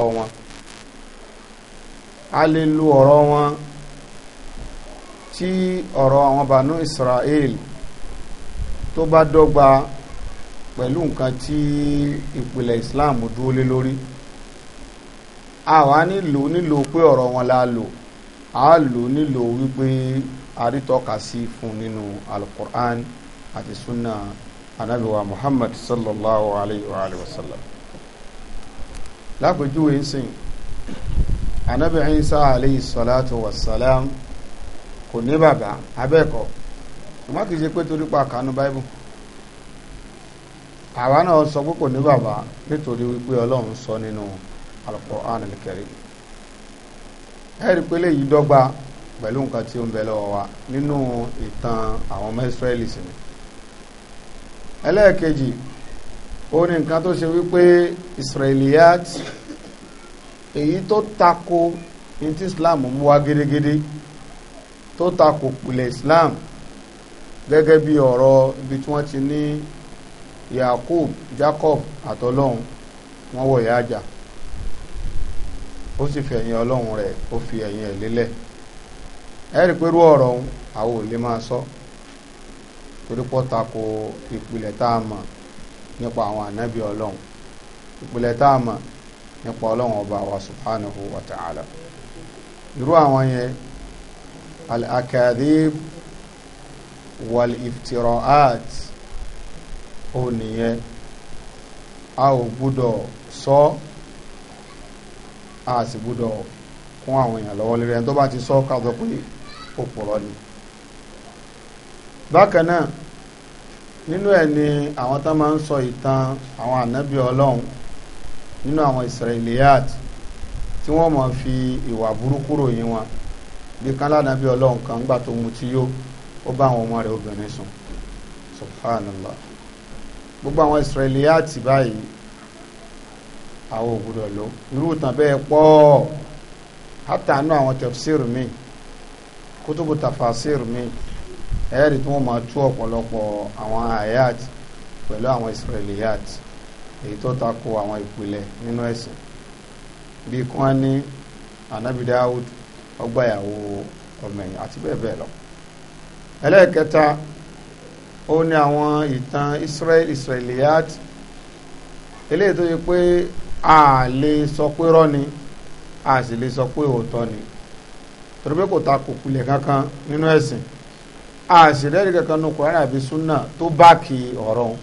ọ̀rọ̀ wọn a lè lo ọ̀rọ̀ wọn tí ọ̀rọ̀ àwọn bànú Israel tó bá dọ́gba pẹ̀lú nǹkan tí ìpìlẹ̀ Islam dúró lé lórí àwa nílò nílò pé ọ̀rọ̀ wọn la lò a lò nílò wípé arítọ́ka sí fún nínú alukur'an àti sunna anabiwa Muhammad sallallahu alayhi wa sallam. lápèjúwe ń sìn anabi isa aleyhi salatu wa kò ní bàbá abẹ́ẹ̀kọ́ ọmọ kìí ṣe pé torí pa kánú báíbù àwa náà sọ pé kò ní bàbá nítorí wípé ọlọ́run sọ nínú Al-Qur'an ẹ karim ẹ̀rí pé léyìí dọ́gba pẹ̀lú nǹkan tí ó ń bẹ lọ́wọ́ wa nínú ìtàn àwọn ọmọ Ísírẹ́lì sí ni ẹlẹ́ẹ̀kejì ó ní nǹkan tó ṣe wípé Israeliyat èyí tó tako ní tí islam mú wá gédégédé tó tako pìlẹ̀ islam gẹ́gẹ́ bí ọ̀rọ̀ ibi tí wọ́n ti ní yakub jacob àtọlọ́hun wọ́n wọ̀ ya àjà ó sì fi ẹ̀yìn ọlọ́hun rẹ̀ ó fi ẹ̀yìn ẹ̀ lélẹ̀ ẹ̀rí pẹ̀lú ọ̀rọ̀ ọ̀hún àwọn ò lè máa sọ torí pọ́ tako ìpìlẹ̀ tá a mọ̀ nípa àwọn ànábì ọlọ́hun ìpìlẹ̀ tá a mọ̀ nípa ọlọ́run ọba wa subhanahu wa ta'ala irú àwọn yẹn al-akadib wal-iftiraat ó nìyẹn a ò gbúdọ̀ sọ a sì gbúdọ̀ kún àwọn èèyàn lọ́wọ́ lórí ẹni tó bá ti sọ ká sọ pé òpùrọ́ ni bákan náà nínú ẹ̀ ni àwọn tó máa ń sọ ìtàn àwọn ànábì ọlọ́run nínú àwọn israeliyat tí wọ́n mọ̀ fi ìwà burúkú ròyìn wọn bí kan lánàbí ọlọ́run kan gbà tó mutí yó ó bá àwọn ọmọ rẹ̀ obìnrin sùn subhanallah gbogbo àwọn israeliyat báyìí àwọn ògbúdọ̀ ló irú ìtàn bẹ́ẹ̀ pọ̀ hátàánú àwọn tafsir mi kútùbù tafasir mi ẹ̀ẹ́dì tí wọ́n máa tú ọ̀pọ̀lọpọ̀ àwọn ayat pẹ̀lú àwọn israeliyat èyí tó tako àwọn ìpìlẹ̀ nínú ẹ̀sìn bí kí wọ́n ní anabi Dawud ọgbà ìyàwó ọmọ ẹ̀yìn àti bẹ́ẹ̀ bẹ́ẹ̀ lọ ẹlẹ́ẹ̀kẹta ó ní àwọn ìtàn Israel Israeliat eléyìí tó yẹ pé a lè sọ pé rọ́ ni a sì lè sọ pé òótọ́ ni torí pé kò ta kò kulẹ̀ kankan nínú ẹ̀sìn a sì rẹ́rìí kankan nù Kùránì àbí súnà tó bá kì ọ̀rọ̀ òun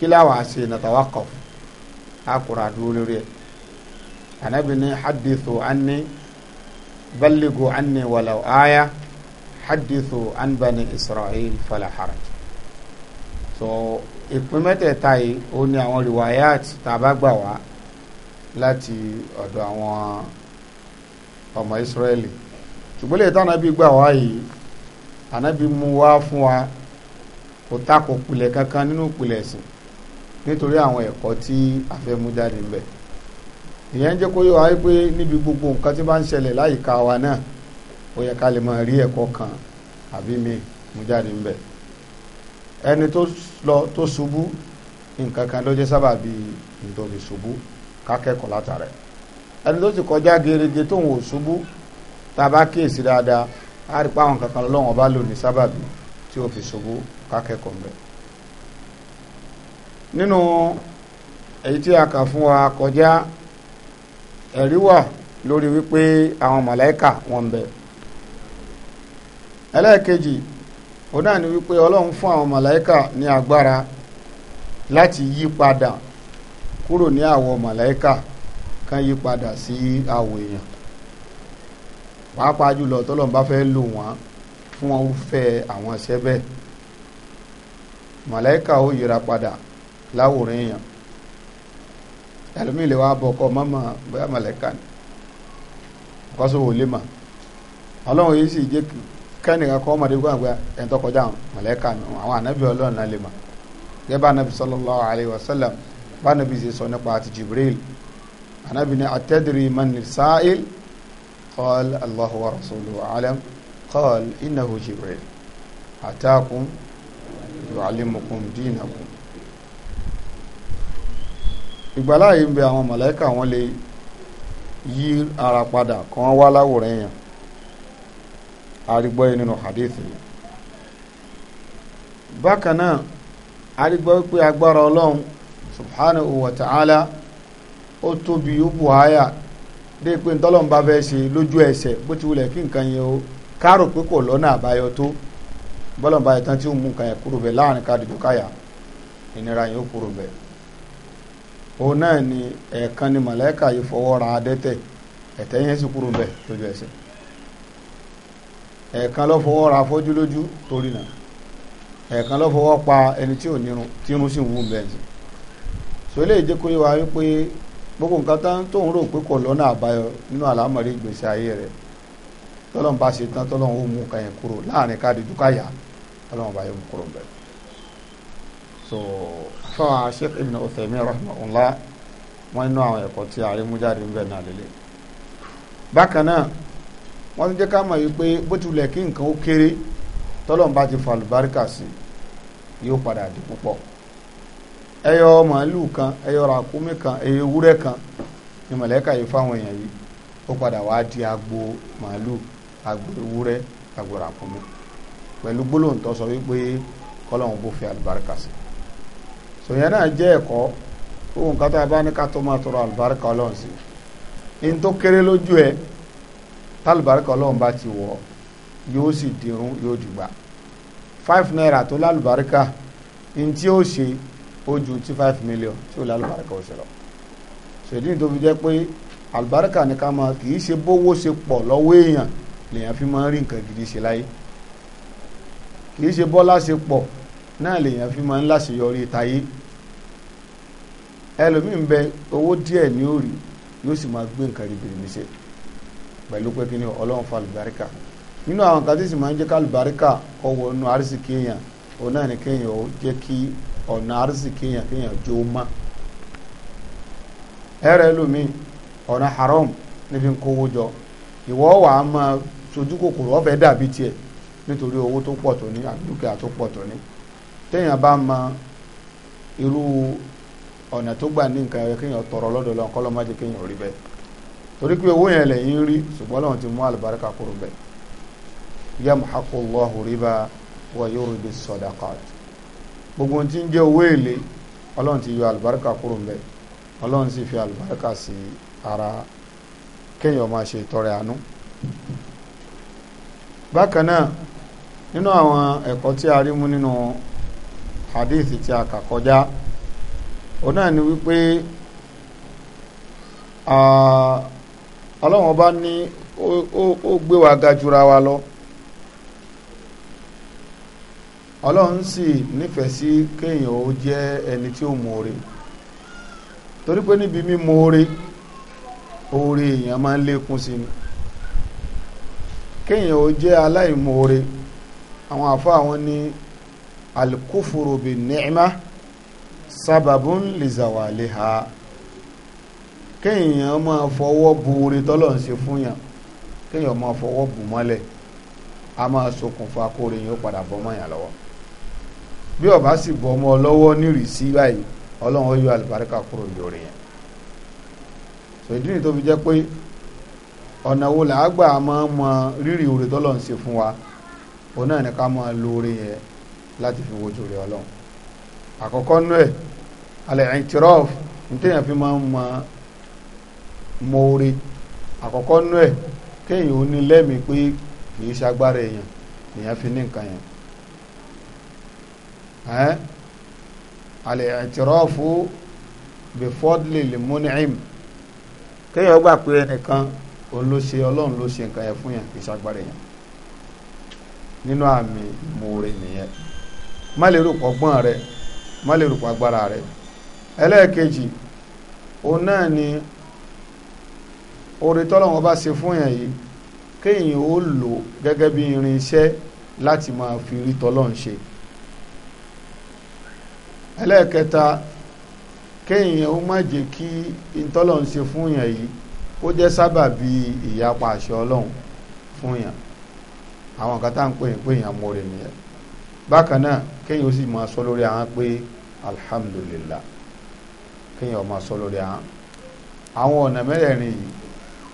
kí láwọn àṣe nàtàwákọ̀ àkùrà dúró lórí ẹ̀ ànábì ní hadithu anni balligu anni walaw aya hadithu an bani israel fala haraj so ìpín mẹ́tẹ̀ẹ̀ta yìí ó ní àwọn riwayat tá a bá gbà wá láti ọ̀dọ̀ àwọn ọmọ israeli ṣùgbọ́n lè tán ànábì gbà wá yìí ànábì mú wá fún wa kò tako pilẹ̀ kankan nínú pilẹ̀ ẹ̀sìn nítorí àwọn ẹ̀kọ́ tí a fẹ́ mú jáde bẹ̀ ìyẹn jẹ́ kó yọ wáyé pé níbi gbogbo nǹkan tí bá ń ṣẹlẹ̀ láyìíká wa náà ó yẹ ká lè máa rí ẹ̀kọ́ kan àbí mi mú jáde bẹ̀ ẹni tó lọ tó ṣubú nǹkan kan ló jẹ́ sábà bí nítorí ṣubú kákẹ́kọ̀ọ́ látara ẹni tó ti kọjá gerege tóun ò ṣubú tá a bá kíyèsí dáadáa á rí pé àwọn kankan lọ́wọ́n bá lò ní sábàbí tí ó fi ṣubú kákẹ́kọ̀ọ́ bẹ́ẹ̀ nínú èyí tí a kà fún wa kọjá ẹ̀rí wà lórí wípé àwọn màláíkà wọ́n ń bẹ ẹlẹ́ẹ̀kejì ó náà ni wípé ọlọ́run fún àwọn màláíkà ní agbára láti yí padà kúrò ní àwọ̀ màláíkà kan yí padà sí àwọ̀ èèyàn pàápàá jùlọ tọ́lọ́run bá fẹ́ lò wọ́n fún wọn fẹ́ àwọn ṣẹ́bẹ̀ màláíkà ó yíra padà láwòrán èèyàn ẹlòmíì lè wá bọ̀ ọkọ mọ́mọ́ bóyá mọ̀lẹ́ka ni kọ́sọ̀wò lè mà ọlọ́run yìí sì jẹ́ kẹ́nìkan kọ́ ọmọdé gbàgbà ẹ̀ tó kọjá mọ̀lẹ́ka ni àwọn ànábì ọlọ́run náà lè mà gẹ́gẹ́ bá ànábì sallallahu alayhi wa sallam bá ànábì sì sọ nípa àti Jibril ànábì ni atadri man sa'il qal Allahu wa rasuluhu alam qal innahu Jibril atakum yu'allimukum dinakum ìgbàláyé ń bẹ àwọn mọ̀lẹ́kà wọn lè yí ara padà kàn wá láwòrán èèyàn arígbọ́ yìí nínú hadithi yìí bákan náà arígbọ́ pé agbára ọlọ́run subhanahu wa ta'ala ó tóbi ó bù háyà dé pé ntọ́lọ́n bá ṣe lójú ẹsẹ̀ bó ti o kárò pé kò lọ́nà àbáyọ tó bọ́lọ̀ tán tí ó mú nǹkan yẹn kúrò láàrin ìnira òun náà ni ẹ̀ẹ̀kan ni màláìka yìí fọwọ́ ra adẹ́tẹ̀ ẹ̀tẹ́ yẹn sì kúrò ń lójú ẹsẹ̀ ẹ̀ẹ̀kan ló fọwọ́ ra afọ́jú lójú torí náà ẹ̀ẹ̀kan fọwọ́ pa ẹni tí ò nírun tí so gbogbo nǹkan tán rò pé kò lọ́nà àbáyọ nínú àlámọ̀rí ìgbésí ayé rẹ̀ tọ́lọ́n bá ṣe tán tọ́lọ́n ó mú kúrò láàrin àfáà sheikh ibn Uthaymin rahmanullah wọ́n nínú àwọn tí ààrẹ mú ń bẹ̀ náà lélẹ̀ bákan náà wọ́n ti jẹ́ ká mọ̀ yìí pé bó kí nǹkan ó kéré ti fa padà di púpọ̀ ẹyọ màálù kan ẹyọ kan ẹyọ ewúrẹ́ kan ni mọ̀lẹ́kà yìí fáwọn èèyàn sòyẹn náà jẹ́ ẹ̀kọ́ fún nǹkan tá a bá ní ká tó máa tọrọ àlùbáríkà ọlọ́run sí ní tó kéré lójú ẹ tálùbáríkà ọlọ́run bá ti wọ̀ yóò sì dirun yóò dìgbà five naira tó lálùbáríkà ní tí ó ṣe ó ju ti five million tí ó lálùbáríkà ó ṣe lọ ṣèdí tó fi jẹ́ pé àlùbáríkà ní ká máa kì í ṣe bówó ṣe pọ̀ lọ́wọ́ èèyàn lèèyàn fi máa ń rí nǹkan gidi ṣe láyé kì í ṣe bọ́lá ṣe pọ̀ náà lèèyàn fi máa ń láṣeyọrí táyé ẹlòmíì ń bẹ owó díẹ̀ ní òrì yóò sì máa gbé nǹkan ribìrì níṣẹ́ pẹ̀lú pé kí ni ọlọ́run fa àlùbáríkà nínú àwọn kan tí sì máa ń jẹ́ ká àlùbáríkà ọwọ́ inú àrísì kéèyàn òun náà ni kéèyàn ó jẹ́ kí ọ̀nà àrísì kéèyàn kéèyàn jó má ẹlòmíì haram ní fi ń kówó jọ ìwọ wà á máa sojú kòkòrò ọ̀fẹ́ dàbí tiẹ̀ nítorí owó tó pọ̀ tó ní ọ̀nà tó gbà ní nǹkan kéèyàn tọrọ lọ́dọ̀ lọ́n kọ́ lọ́mọdé kéèyàn rí bẹ́ẹ̀ torí pé owó yẹn lẹ́yìn rí ṣùgbọ́n lọ́n ti mú àlùbáríkà kúrò bẹ́ẹ̀ yamhaqu Allahu riba wa yurbi sadaqat gbogbo tí ń jẹ́ owó èlé ọlọ́run ti yọ àlùbáríkà kúrò ń bẹ̀ ọlọ́run sì fi àlùbáríkà sí ara kéèyàn máa ṣe ìtọrẹ àánú bákan náà nínú àwọn ẹ̀kọ́ tí a rí mú nínú hadith tí a kà kọjá òun náà ni wípé ọlọ́run ọba ní ó gbé wa ga jura wa lọ ọlọ́run sì nífẹ̀ẹ́ sí kéèyàn ó jẹ́ ẹni tí ó torí pé níbi oore oore èèyàn máa ń lékún sí ni kéèyàn ó jẹ́ aláìmọ̀ọ́re àwọn àwọn ní sábàbùn lìzàwàléha kéèyàn máa fọwọ́ bu orí tọ́lọ̀ ń ṣe fún yàn kéèyàn máa fọwọ́ bù mọ́lẹ̀ a máa ṣokùnfà kórè yóò padà bọ́ mọ́ yàn lọ́wọ́ bí ó bá sì bọ́ mọ́ lọ́wọ́ nírìsí báyìí ọlọ́run ó yọ àlùbáríkà kúrò lórí yẹn sọ ìdí nìyí tó fi jẹ́ pé ọ̀nà wo là á gbà máa mọ rírì orí tọ́lọ̀ ṣe fún wa òun náà ní ká máa lo orí yẹn láti fi wojú rẹ̀ ọlọ́run àkọ́kọ́ nú ẹ̀ alẹ́ ẹ̀ntìrọ́f ya fi máa ń mọ mọ́ọ́rẹ́ àkọ́kọ́ nú ẹ̀ kéèyàn ó ní lẹ́mìí pé kì í ṣagbára èèyàn fi ní nǹkan yẹn alẹ́ ẹ̀ntìrọ́fù bifọ́dìlì lèmúnìím kéèyàn gbà pé ẹnìkan òun ọlọ́run ló ṣe nǹkan yẹn fún yàn kì í ṣagbára èèyàn nínú àmì mọ́ọ́rẹ́ nìyẹn má lè má lè rúpa agbára rẹ̀ ẹlẹ́ẹ̀kejì òun náà ni oore tọ́lọ́wọ́n bá ṣe fún yàn yìí kéèyàn ó lò gẹ́gẹ́ bí irinṣẹ́ láti máa fi rí tọ́lọ́run ṣe ẹlẹ́ẹ̀kẹta kéèyàn ó má jẹ́ kí ìtọ́lọ́run ṣe fún yàn yìí kó jẹ́ sábàbí ìyapa àṣẹ ọlọ́run fún yàn àwọn kan tá à ń pè é pé èèyàn mọ̀ọ́rẹ̀ nìyẹn bákan náà kéyìn ó sì máa sọ lórí ahọ́n pé alhamdulillah kéyìn ó máa sọ lórí ahọ́n àwọn ọ̀nà mẹ́rẹ̀ẹ̀rin yìí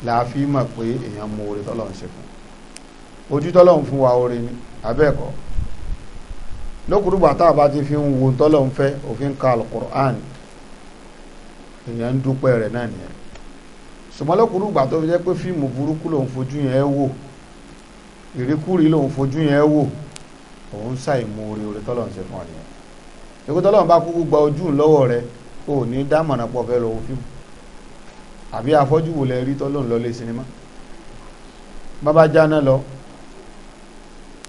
la fi mọ̀ pé èèyàn mú oore tọ́lọ́run ṣe fún ojú tọ́lọ́run fún wa oore ni abẹ́ẹ̀kọ́ lókùrúgbà tá a bá ti fi ń wo tọ́lọ́run fẹ́ òfin ka alukur'an èèyàn ń dúpẹ́ rẹ̀ náà nìyẹn ṣùgbọ́n lókùrúgbà tó fi jẹ́ pé fíìmù burúkú lòun fojú yẹn wò ìríkúrí lòun fojú yẹn wò òun ṣàìmoore oore tọ́lọ́run ṣe fún ọ nìyẹn èkó tọ́lọ́run bá kúkú gba ojú lọ́wọ́ rẹ o ní dámọ̀nà pọ̀ fẹ́ lọ wo fíìmù àbí afọ́jú wo lẹ rí tọ́lọ́run lọ lé sinimá bàbá jáná lọ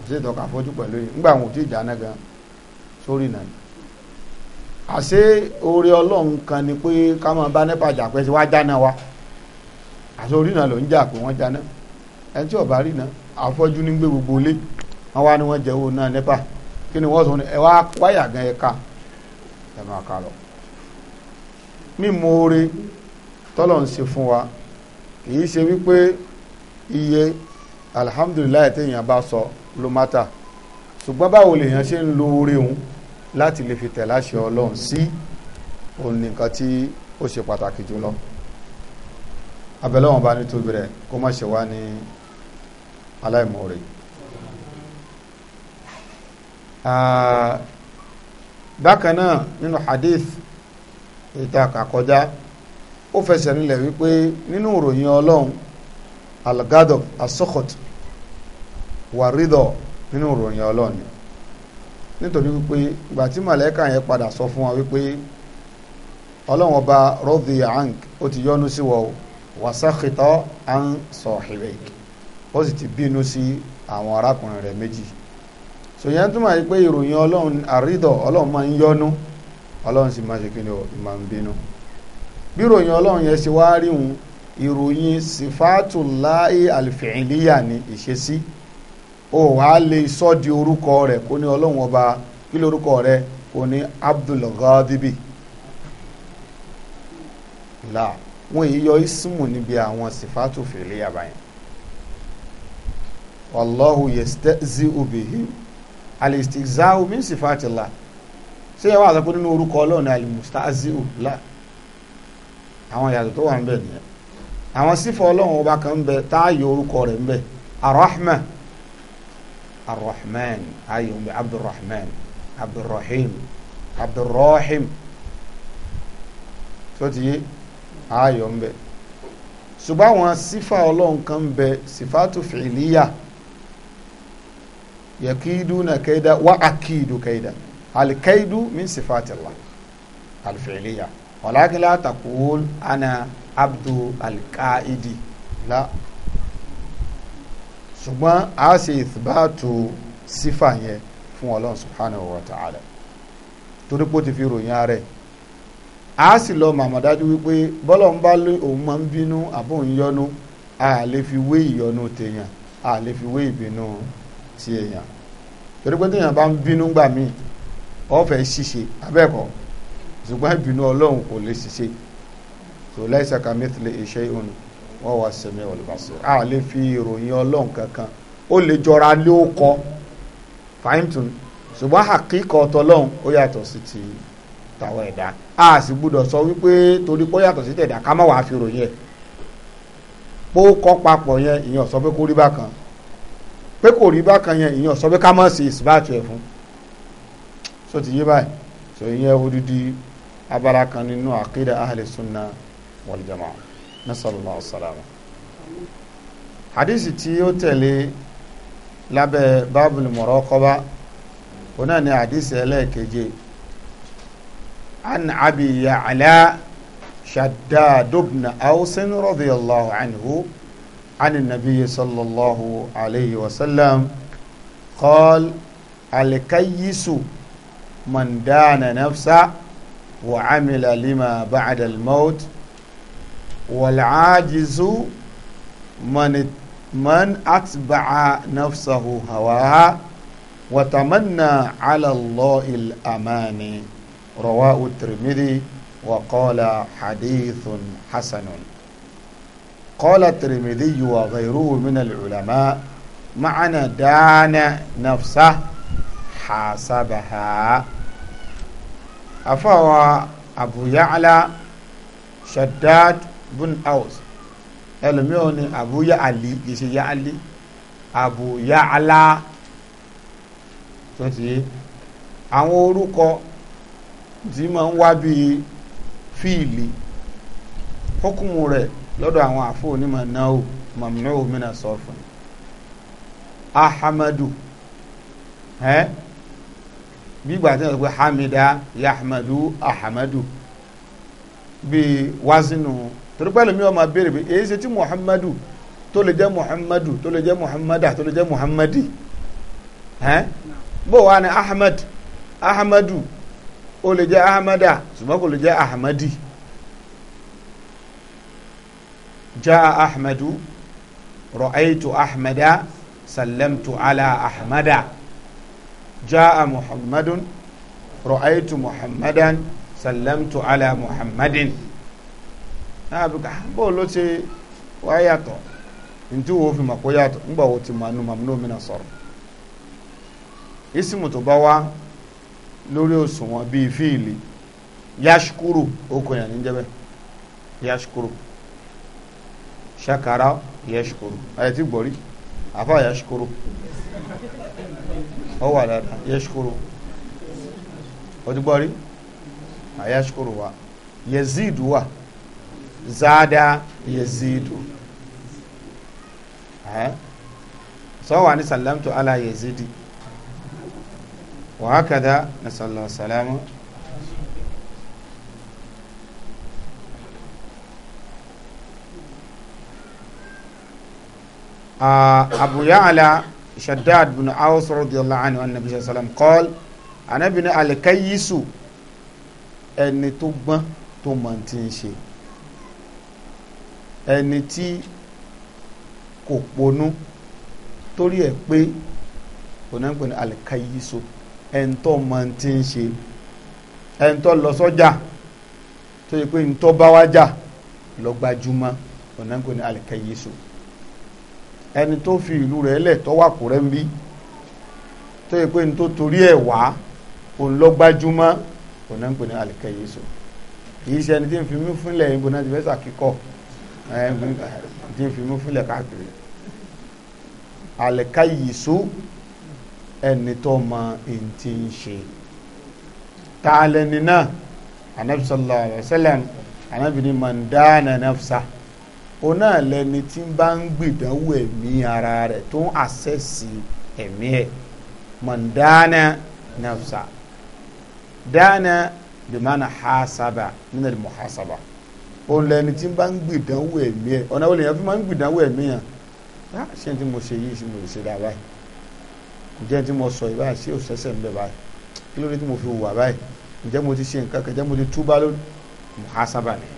ṣe ìtọ́ka afọ́jú pẹ̀lú yìí ńgbà wọn ò tí ì jáná gan sórí nàní àṣé oore ọlọ́run kan ni pé ká máa bá nípa wá jáná wa àṣé orí náà ló ń jà pé wọ́n jáná ẹni tí ọ̀bá gbogbo lé wọ́n wá ní wọ́n jẹ́ owó náà nípa kí ni wọ́n sọ ní ẹ wá wáyà gan ẹ ká ẹ máa ká lọ. mímú oore tọ́lọ̀ ń ṣe fún wa kì ṣe wípé iye alihamudulilayi téèyàn bá sọ ló má ta ṣùgbọ́n báwo lèèyàn ṣe ń lo oore òun láti lè fi tẹ̀lé àṣẹ ọlọ́run sí òun nìkan tí ó ṣe pàtàkì jùlọ abẹ́lẹ́wọ̀n bá ní tóbi rẹ̀ kó má ṣe wá ní aláìmoore bákan náà nínú hadith ìta kàkọjá ó fẹsẹ̀ nílẹ̀ wípé nínú ìròyìn ọlọ́run algado asokot wàrídọ̀ nínú ìròyìn ọlọ́run ni nítorí wípé ìgbà tí màlẹ́kà yẹn padà sọ fún wa wípé ọlọ́run ọba rọ́dì ank ó ti yọ́nú sí wọ́n wàsákìtọ́ an sọ̀hìrẹ́kì ó sì ti bínú sí àwọn arákùnrin rẹ̀ méjì sòyẹn túmọ̀ yìí pé ìròyìn ọlọ́run àrídọ̀ ọlọ́run máa ń yọnu ọlọ́run sì máa ṣe kí ni ó máa ń bínú bí ìròyìn ọlọ́run yẹn ṣe wá rí wọn ìròyìn sifatulahi alifẹ̀ẹ́líyà ni ìṣesí ó wàá lè sọ di orúkọ rẹ̀ kó ní ọlọ́run ọba kí lórúkọ rẹ̀ kó ní abdulgadibi là wọn èyí yọ ismu níbi àwọn sifatufẹ̀ẹ́líyà báyìí wallahu yestezi ubihim alistizau min sifati la ṣé ẹ wá sọ pé nínú orúkọ ọlọ́run ni alimustaziu la àwọn ìyàtọ̀ tó wà ń bẹ nìyẹn àwọn sífọ ọlọ́run ọba kan ń bẹ tá a yọ orúkọ rẹ̀ ń bẹ arahma arahman ayé ń bẹ abdulrahman abdulrahim abdulrahim tó yé ayọ̀ ń bẹ ṣùgbọ́n àwọn sífà ọlọ́run kan ń bẹ sífàtú fìlíyà yakiduna kaida wa akidu kaida alkaidu min sifatillah alfi'liya walakin la taqul ana abdu alkaidi la ṣùgbọ́n a ṣe ìtìbáàtò sífà yẹn fún ọlọ́run subhanahu wa ta'ala torí pé ó ti fi ròyìn ara ẹ̀ a sì lọ màmá dájú wípé bọ́lọ̀ ń bá lé òun máa ń bínú àbóhùn yọnu a lè fi wé ìyọnu tèèyàn a lè fi wé ìbínú sí èèyàn torí pé téèyàn bá ń bínú gbà míì ó fẹ́ ṣiṣe abẹ́ẹ̀kọ́ ṣùgbọ́n ìbínú ọlọ́run kò lè ṣiṣe tó laisa kamithlihi shay'un wa huwa as-sami'ul basir a lè fi ìròyìn ọlọ́run kankan ó lè jọra lé ó kọ fàìmtún ṣùgbọ́n àkíkọ tọlọ́run ó yàtọ̀ sí ti tàwọn ẹ̀dá a sì gbúdọ̀ sọ wípé torí pé ó yàtọ̀ sí tẹ̀dá ká má wàá fi ròyìn ẹ̀ pó kọ́ papọ̀ yẹn ìyẹn ó pé kó rí bákan pé kò rí bákan yẹn ìyẹn sọ pé ká mọ̀ sí ìsìbáàtì ẹ̀ fún so ti yé báyìí so ìyẹn odidi abala kan nínú àkídà ahli sunna wal jamaa nasallallahu salama hadisi tí ó tẹ̀lé lábẹ́ bábùlù muraqaba òun náà ni hadisi ẹlẹ́ẹ̀keje an abi ya'la shaddad ibn ausin radiyallahu anhu. عن النبي صلى الله عليه وسلم قال الكيس من دان نفسه وعمل لما بعد الموت والعاجز من من أتبع نفسه هواها وتمنى على الله الأمان رواه الترمذي وقال حديث حسن qala Tirmidhi wa ghayruhu min al-ulama ma'ana dáná nafsa hasabaha afawa Abu Ya'la Shaddad bin Aws ẹlòmíràn ni Abu Ya'li kì í ṣe Ya'li Abu Ya'la tó ti àwọn orúkọ tí máa ń wá bíi fíìlì hukumu rẹ̀ lọ́dọ̀ àwọn àfọ onímọ̀ náà o mọ̀mọ́ òmìnira sọ fún mi ahamadu ẹ gbígbà tí wọ́n pe hamida yahmadu ahamadu bíi wazinu torí pẹ́lú mi wọ́n máa béèrè pé èyí ṣe tí muhammadu tó lè jẹ́ muhammadu tó lè jẹ́ muhammada tó lè jẹ́ muhammadi ẹ bó wà ní ahmed ahamadu ó lè jẹ́ ahamada ṣùgbọ́n kò lè jẹ́ ahamadi. Eh? jaa ahmadu ra'aytu ahmada sallamtu ala ahmada jaa muhammadun ra'aytu muhammadan sallamtu ala muhammadin náà bí ká bó ló ṣe wá yàtọ̀ ntí wo fi mọ̀ kó yàtọ̀ ńgbà wo ti mọ̀ numọ̀ ní omi náà sọ̀rọ̀ isimu tó bá wá lórí òṣùwọ̀n bíi fíìlì yashkuru okòyàn níjẹ́bẹ́ yashkuru ṣakara yẹṣukuru ayé ti gbọ́rí àfa yẹṣukuru ọ wà dáadáa yẹṣukuru ó ti gbọ́rí ayẹṣukuru wa yezidu wa zaada yezidu sọ wà ní sàlámtu ala yezidi wa hakada nasalaamu. abu ya'la shaddad bin aus radiyallahu anhu anabi sallam kọ́l anabi ní alikayisu ẹni tó gbọ́n tó mọ̀ tí ń ṣe ẹni tí kò ponú torí ẹ̀ pé onágbẹ̀ni alikayiso ẹni tó mọ̀ tí ń ṣe ẹni tó lọ sọ́jà tó yẹ pé ní tó bá wájà lọ́gbàjúmọ́ onágbẹ̀ni alikayiso ẹni tó fi ìlú rẹ̀ lẹ̀ tó wà kúrẹ́ ń bí tó yẹ pé ní tó torí ẹ̀ wá òun lọ gbájúmọ́ òun náà ń pè ní alikẹ́yẹsọ kìí ṣe ẹni tí ń fi mí fúnlẹ̀ ìbò náà ti fẹ́ sàkíkọ́ ẹni tí ń fi mí fúnlẹ̀ káàkiri alikẹ́yẹsọ ẹni tó mọ èyí tí ń ṣe taalẹ́ni náà anabi sallallahu alayhi wa anabi ni mandana nafsa o náà lẹni tí ń bá ń gbìdánwò ẹ̀mí ara rẹ̀ tó ń àṣẹ̀sì ẹ̀mí ẹ̀ mọ̀ndáná nafsa dáná bimana hasaba nínú ẹ̀dùn muhasaba o lẹni tí ń bá ń gbìdánwò ẹ̀mí ẹ̀ ọ̀nà olè yẹn fi máa ń gbìdánwò ẹ̀mí yẹn ṣé tí mo ṣe yìí ṣe mo ṣe dá báyìí ǹjẹ́ tí mo sọ yìí báyìí ṣé òṣèṣẹ́ ń bẹ báyìí kí ló dé tí mo fi wà báyìí ǹjẹ́ mo ti ṣe nǹkan kan ǹjẹ́ mo ti túbá lónìí muhasaba nìyẹn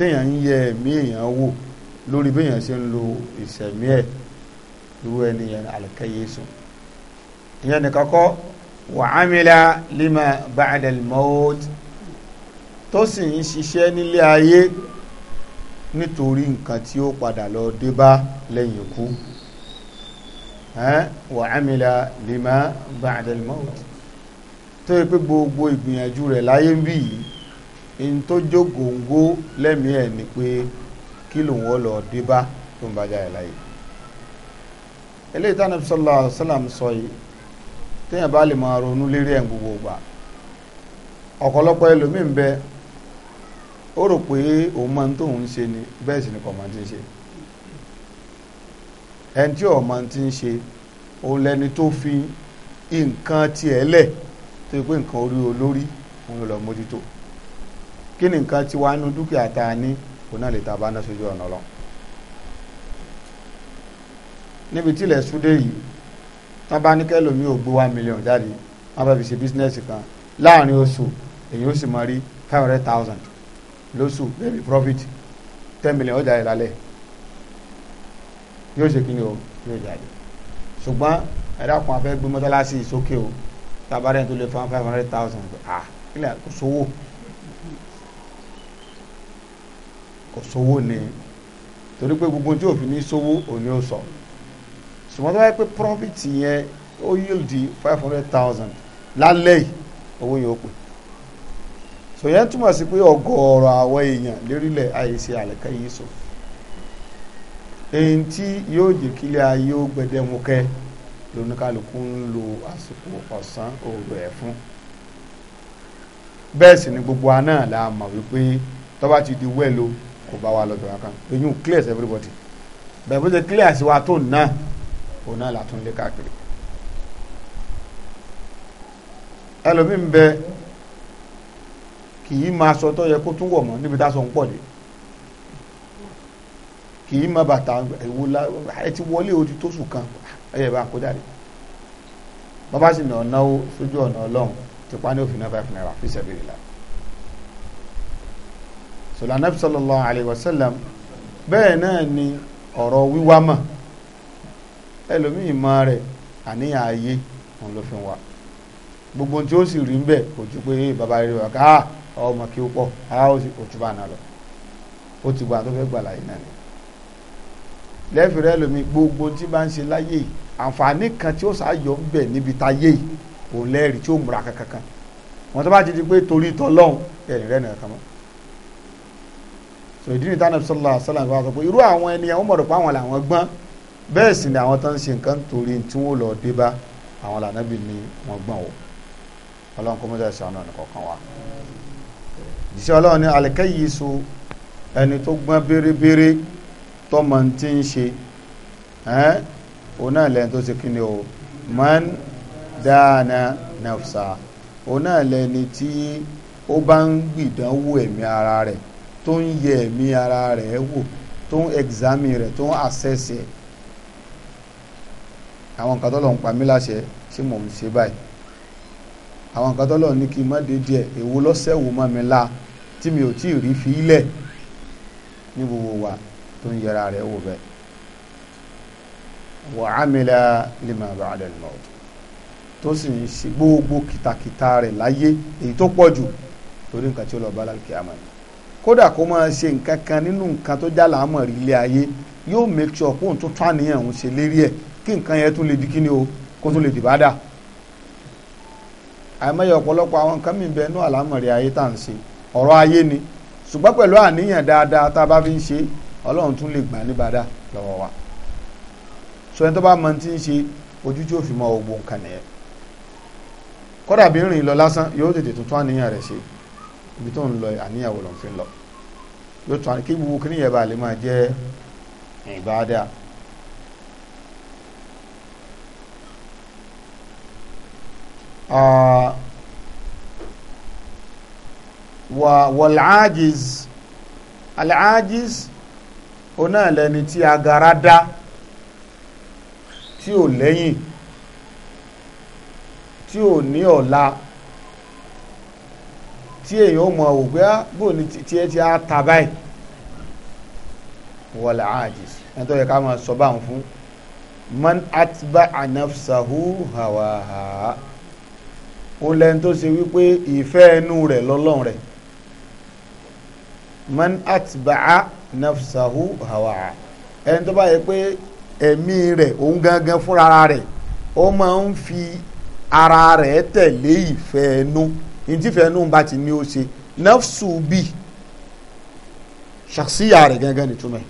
téèyàn ń yẹ ẹ̀mí èèyàn wò lórí béèyàn ṣe ń lo ìṣẹ̀mí ẹ̀ irú ẹni yẹn àlùkẹ́yẹ sùn ìyẹn nìkan kọ́ wa amila lima ba'da al-maut tó sì ń ṣiṣẹ́ nílé ayé nítorí nǹkan tí ó padà lọ dé lẹ́yìn ikú wa amila lima ba'da al tó yẹ pé gbogbo ìgbìyànjú rẹ̀ láyé ń bì yìí in tó jógòǹgó lẹ́mìí ẹ̀ ni pé kí lòun ó lọ dé bá tó ń bá jáde láyé eléyìí tí Ànábì sallallahu alaihi wasallam sọ yìí téèyàn bá lè máa ronú lérí ẹ̀ gbogbo ìgbà ọ̀pọ̀lọpọ̀ ẹlòmíì ń bẹ ó rò pé òun máa ń tóun ṣe ni bẹ́ẹ̀ sì ni kò máa ti ṣe ẹni tí ọ̀ọ́ máa ti ṣe òun lẹni tó fi nǹkan tiẹ̀ lẹ̀ tó yẹ pé nǹkan orí olórí òun lọ mójútó kí ni nǹkan tí wàá nu dúkìá tá a ní kò náà lè ta bá ná sójú ọ̀nà lọ. níbi tí ilẹ̀ súdé yìí wọ́n bá ní kẹ́lòmí ò gbé one million jáde wọ́n bá fi ṣe bísínẹ́sì kan láàrin oṣù èyí ó sì mọ rí five hundred thousand lóṣù lẹ́bi profit ten million ó jáde lálẹ́ yóò ṣe kí ni o yóò jáde ṣùgbọ́n ẹ̀dá kan afẹ́ gbé mọ́tálásì sókè o tabarẹ́ni tó lè fa five hundred thousand ah kílẹ̀ kò sówó. kò sówó ni torí pé gbogbo tí òfin ní sówó òní ó sọ ṣùgbọ́n tó bá yẹ pé profit yẹn ó yield five hundred thousand lálẹ́ yìí owó yẹn ó pè so yẹn túmọ̀ sí pé ọgọ́ọ̀rọ̀ àwọn èèyàn lérílẹ̀ àìsí àlẹ́kẹ́ yìí sọ èyí tí yóò jẹ́ kílẹ̀ ayé ó gbẹdẹ́mukẹ́ lóníkàlùkù ń lo àsìkò ọ̀sán òru ẹ̀ fún bẹ́ẹ̀ sì ni gbogbo aná la mọ̀ wípé tó bá ti di wẹ́lo. Well kò bá wa lọ́dọ̀ wa kan èyí ò clear to everybody bẹ́ẹ̀ bó ṣe clear sí wa tó náà òun náà là tún lé káàkiri ẹlòmíì ń bẹ kì í máa sọ tó yẹ kó tún wọ̀ mọ́ níbi tá a sọ ń pọ̀ dé kì í má bàtà ìwo la ẹ ti wọlé odi tó sùn kan ẹyẹ bá kó jáde bàbá sì nà náwó sójú ọ̀nà ọlọ́run tipa ní òfin náà five naira fi ṣẹ̀bi láti sọlá anabi sallallahu alayhi wa sallam bẹ́ẹ̀ náà ni ọ̀rọ̀ wíwá mọ̀ ẹlòmíì mọ rẹ̀ àníyàn ayé òun ló fi wà gbogbo tí ó sì rí ń bẹ̀ kò ju pé bàbá rí wa ká ah, ọmọ kí ó pọ̀ á ah, ó sì kò túbà náà lọ ó ti gba tó fẹ́ gbà láyé náà ni lẹ́fìrẹ́ ẹlòmíì gbogbo tí bá ń ṣe láyé àǹfààní kan tí ó ṣàyọ̀ ń bẹ̀ níbi táyé òun lẹ́rìí tí ó múra kankan wọn tó bá ti di pé torí tọ́lọ́hún ẹ̀rìn rẹ̀ nìkan mọ́ so ìdí nìta nàbí sọlá sọlá nípa sọ pé irú àwọn ẹni àwọn mọ̀rọ̀ pé àwọn làwọn gbọ́n bẹ́ẹ̀ sì ni àwọn tó ń ṣe nǹkan torí tí wọ́n lọ dé bá àwọn lànàbì ni wọ́n gbọ́n o ọlọ́run kó mọ́tò ẹ̀sán náà nìkọ̀ọ̀kan wa ìṣe ọlọ́run ní alẹ́kẹ́yìí so ẹni tó gbọ́n bérebére tọ́mọ tí ń ṣe ẹ́n òun lẹ́ni tó ṣe kí ni o man dáana nafsa òun náà lẹ́ni tí ó bá ń gbìdánwò ẹ̀mí ara rẹ̀ tó ń yẹ ẹ̀mí ara rẹ̀ wò tó ń examine rẹ̀ tó ń assess ẹ̀ àwọn nǹkan tọ́lọ̀ ń pa mí láṣẹ ṣé mò ń ṣe báyìí àwọn nǹkan tọ́lọ̀ ní kí n má dé díẹ̀ èwo lọ́sẹ̀wò mọ́ mi la tí mi ò tí ì rí fi ilẹ̀ ní gbogbo wa tó ń yẹra rẹ̀ wò bẹ́ẹ̀ wa amila lima ba'da al-maut tó sì ń ṣe gbogbo kìtàkìtà rẹ̀ láyé èyí tó pọ̀ jù torí nǹkan tí ó lọ bá lálùkì àmàlà kódà kó máa ṣe nǹkan kan nínú nǹkan tó já làámọ̀ rí ilé ayé yóò make sure kóun tó tó àníyàn òun ṣe lérí ẹ̀ kí nǹkan yẹn tún lè di kíni o kó tún lè dìbà àìmọye ọ̀pọ̀lọpọ̀ àwọn nǹkan mìíràn bẹ́ẹ̀ nú àlámọ̀ rí ayé tá à ń ṣe ọ̀rọ̀ ayé ni ṣùgbọ́n pẹ̀lú àníyàn dáadáa tá a bá fi ń ṣe ọlọ́run tún lè gbà níbàdà lọ́wọ́ wa sọ yẹn tó bá mọ ti ń ṣe ojú tí ó fi mọ ògbó nǹkan nìyẹn kódà bí rìn lọ lásán yóò tètè tuntun àníyàn rẹ̀ ṣe ibi tó ń lọ àníyàwó ló ń fi lọ yóò tún kí gbogbo kí nìyẹn bá lè máa jẹ́ ìbáadá ah, wà wàl'ájiz al'ájiz oná lẹni tí agara dá tí ò lẹ́yìn tí ò ní ọ̀la tí èyàn ó mọ wò pé ah, bóò ni tiẹ̀ ti á ta báyìí wọlé àjìs ẹni tó yẹ ká máa sọ báwọn fún man atba anafsahu hawaha ó lẹ́ni tó ṣe wípé ìfẹ́ ẹnu rẹ̀ lọ́lọ́run rẹ̀ man atba anafsahu hawaha ẹni tó bá yẹ pé ẹ̀mí rẹ̀ òun gangan fúnra rẹ̀ ó máa ń fi ara rẹ̀ tẹ̀lé ìfẹ́ ẹnu. No ntífẹ̀ẹ́ nù bá ti ní ó ṣe nafsu bi ṣàkṣíyà rẹ̀ gángan nìtumẹ̀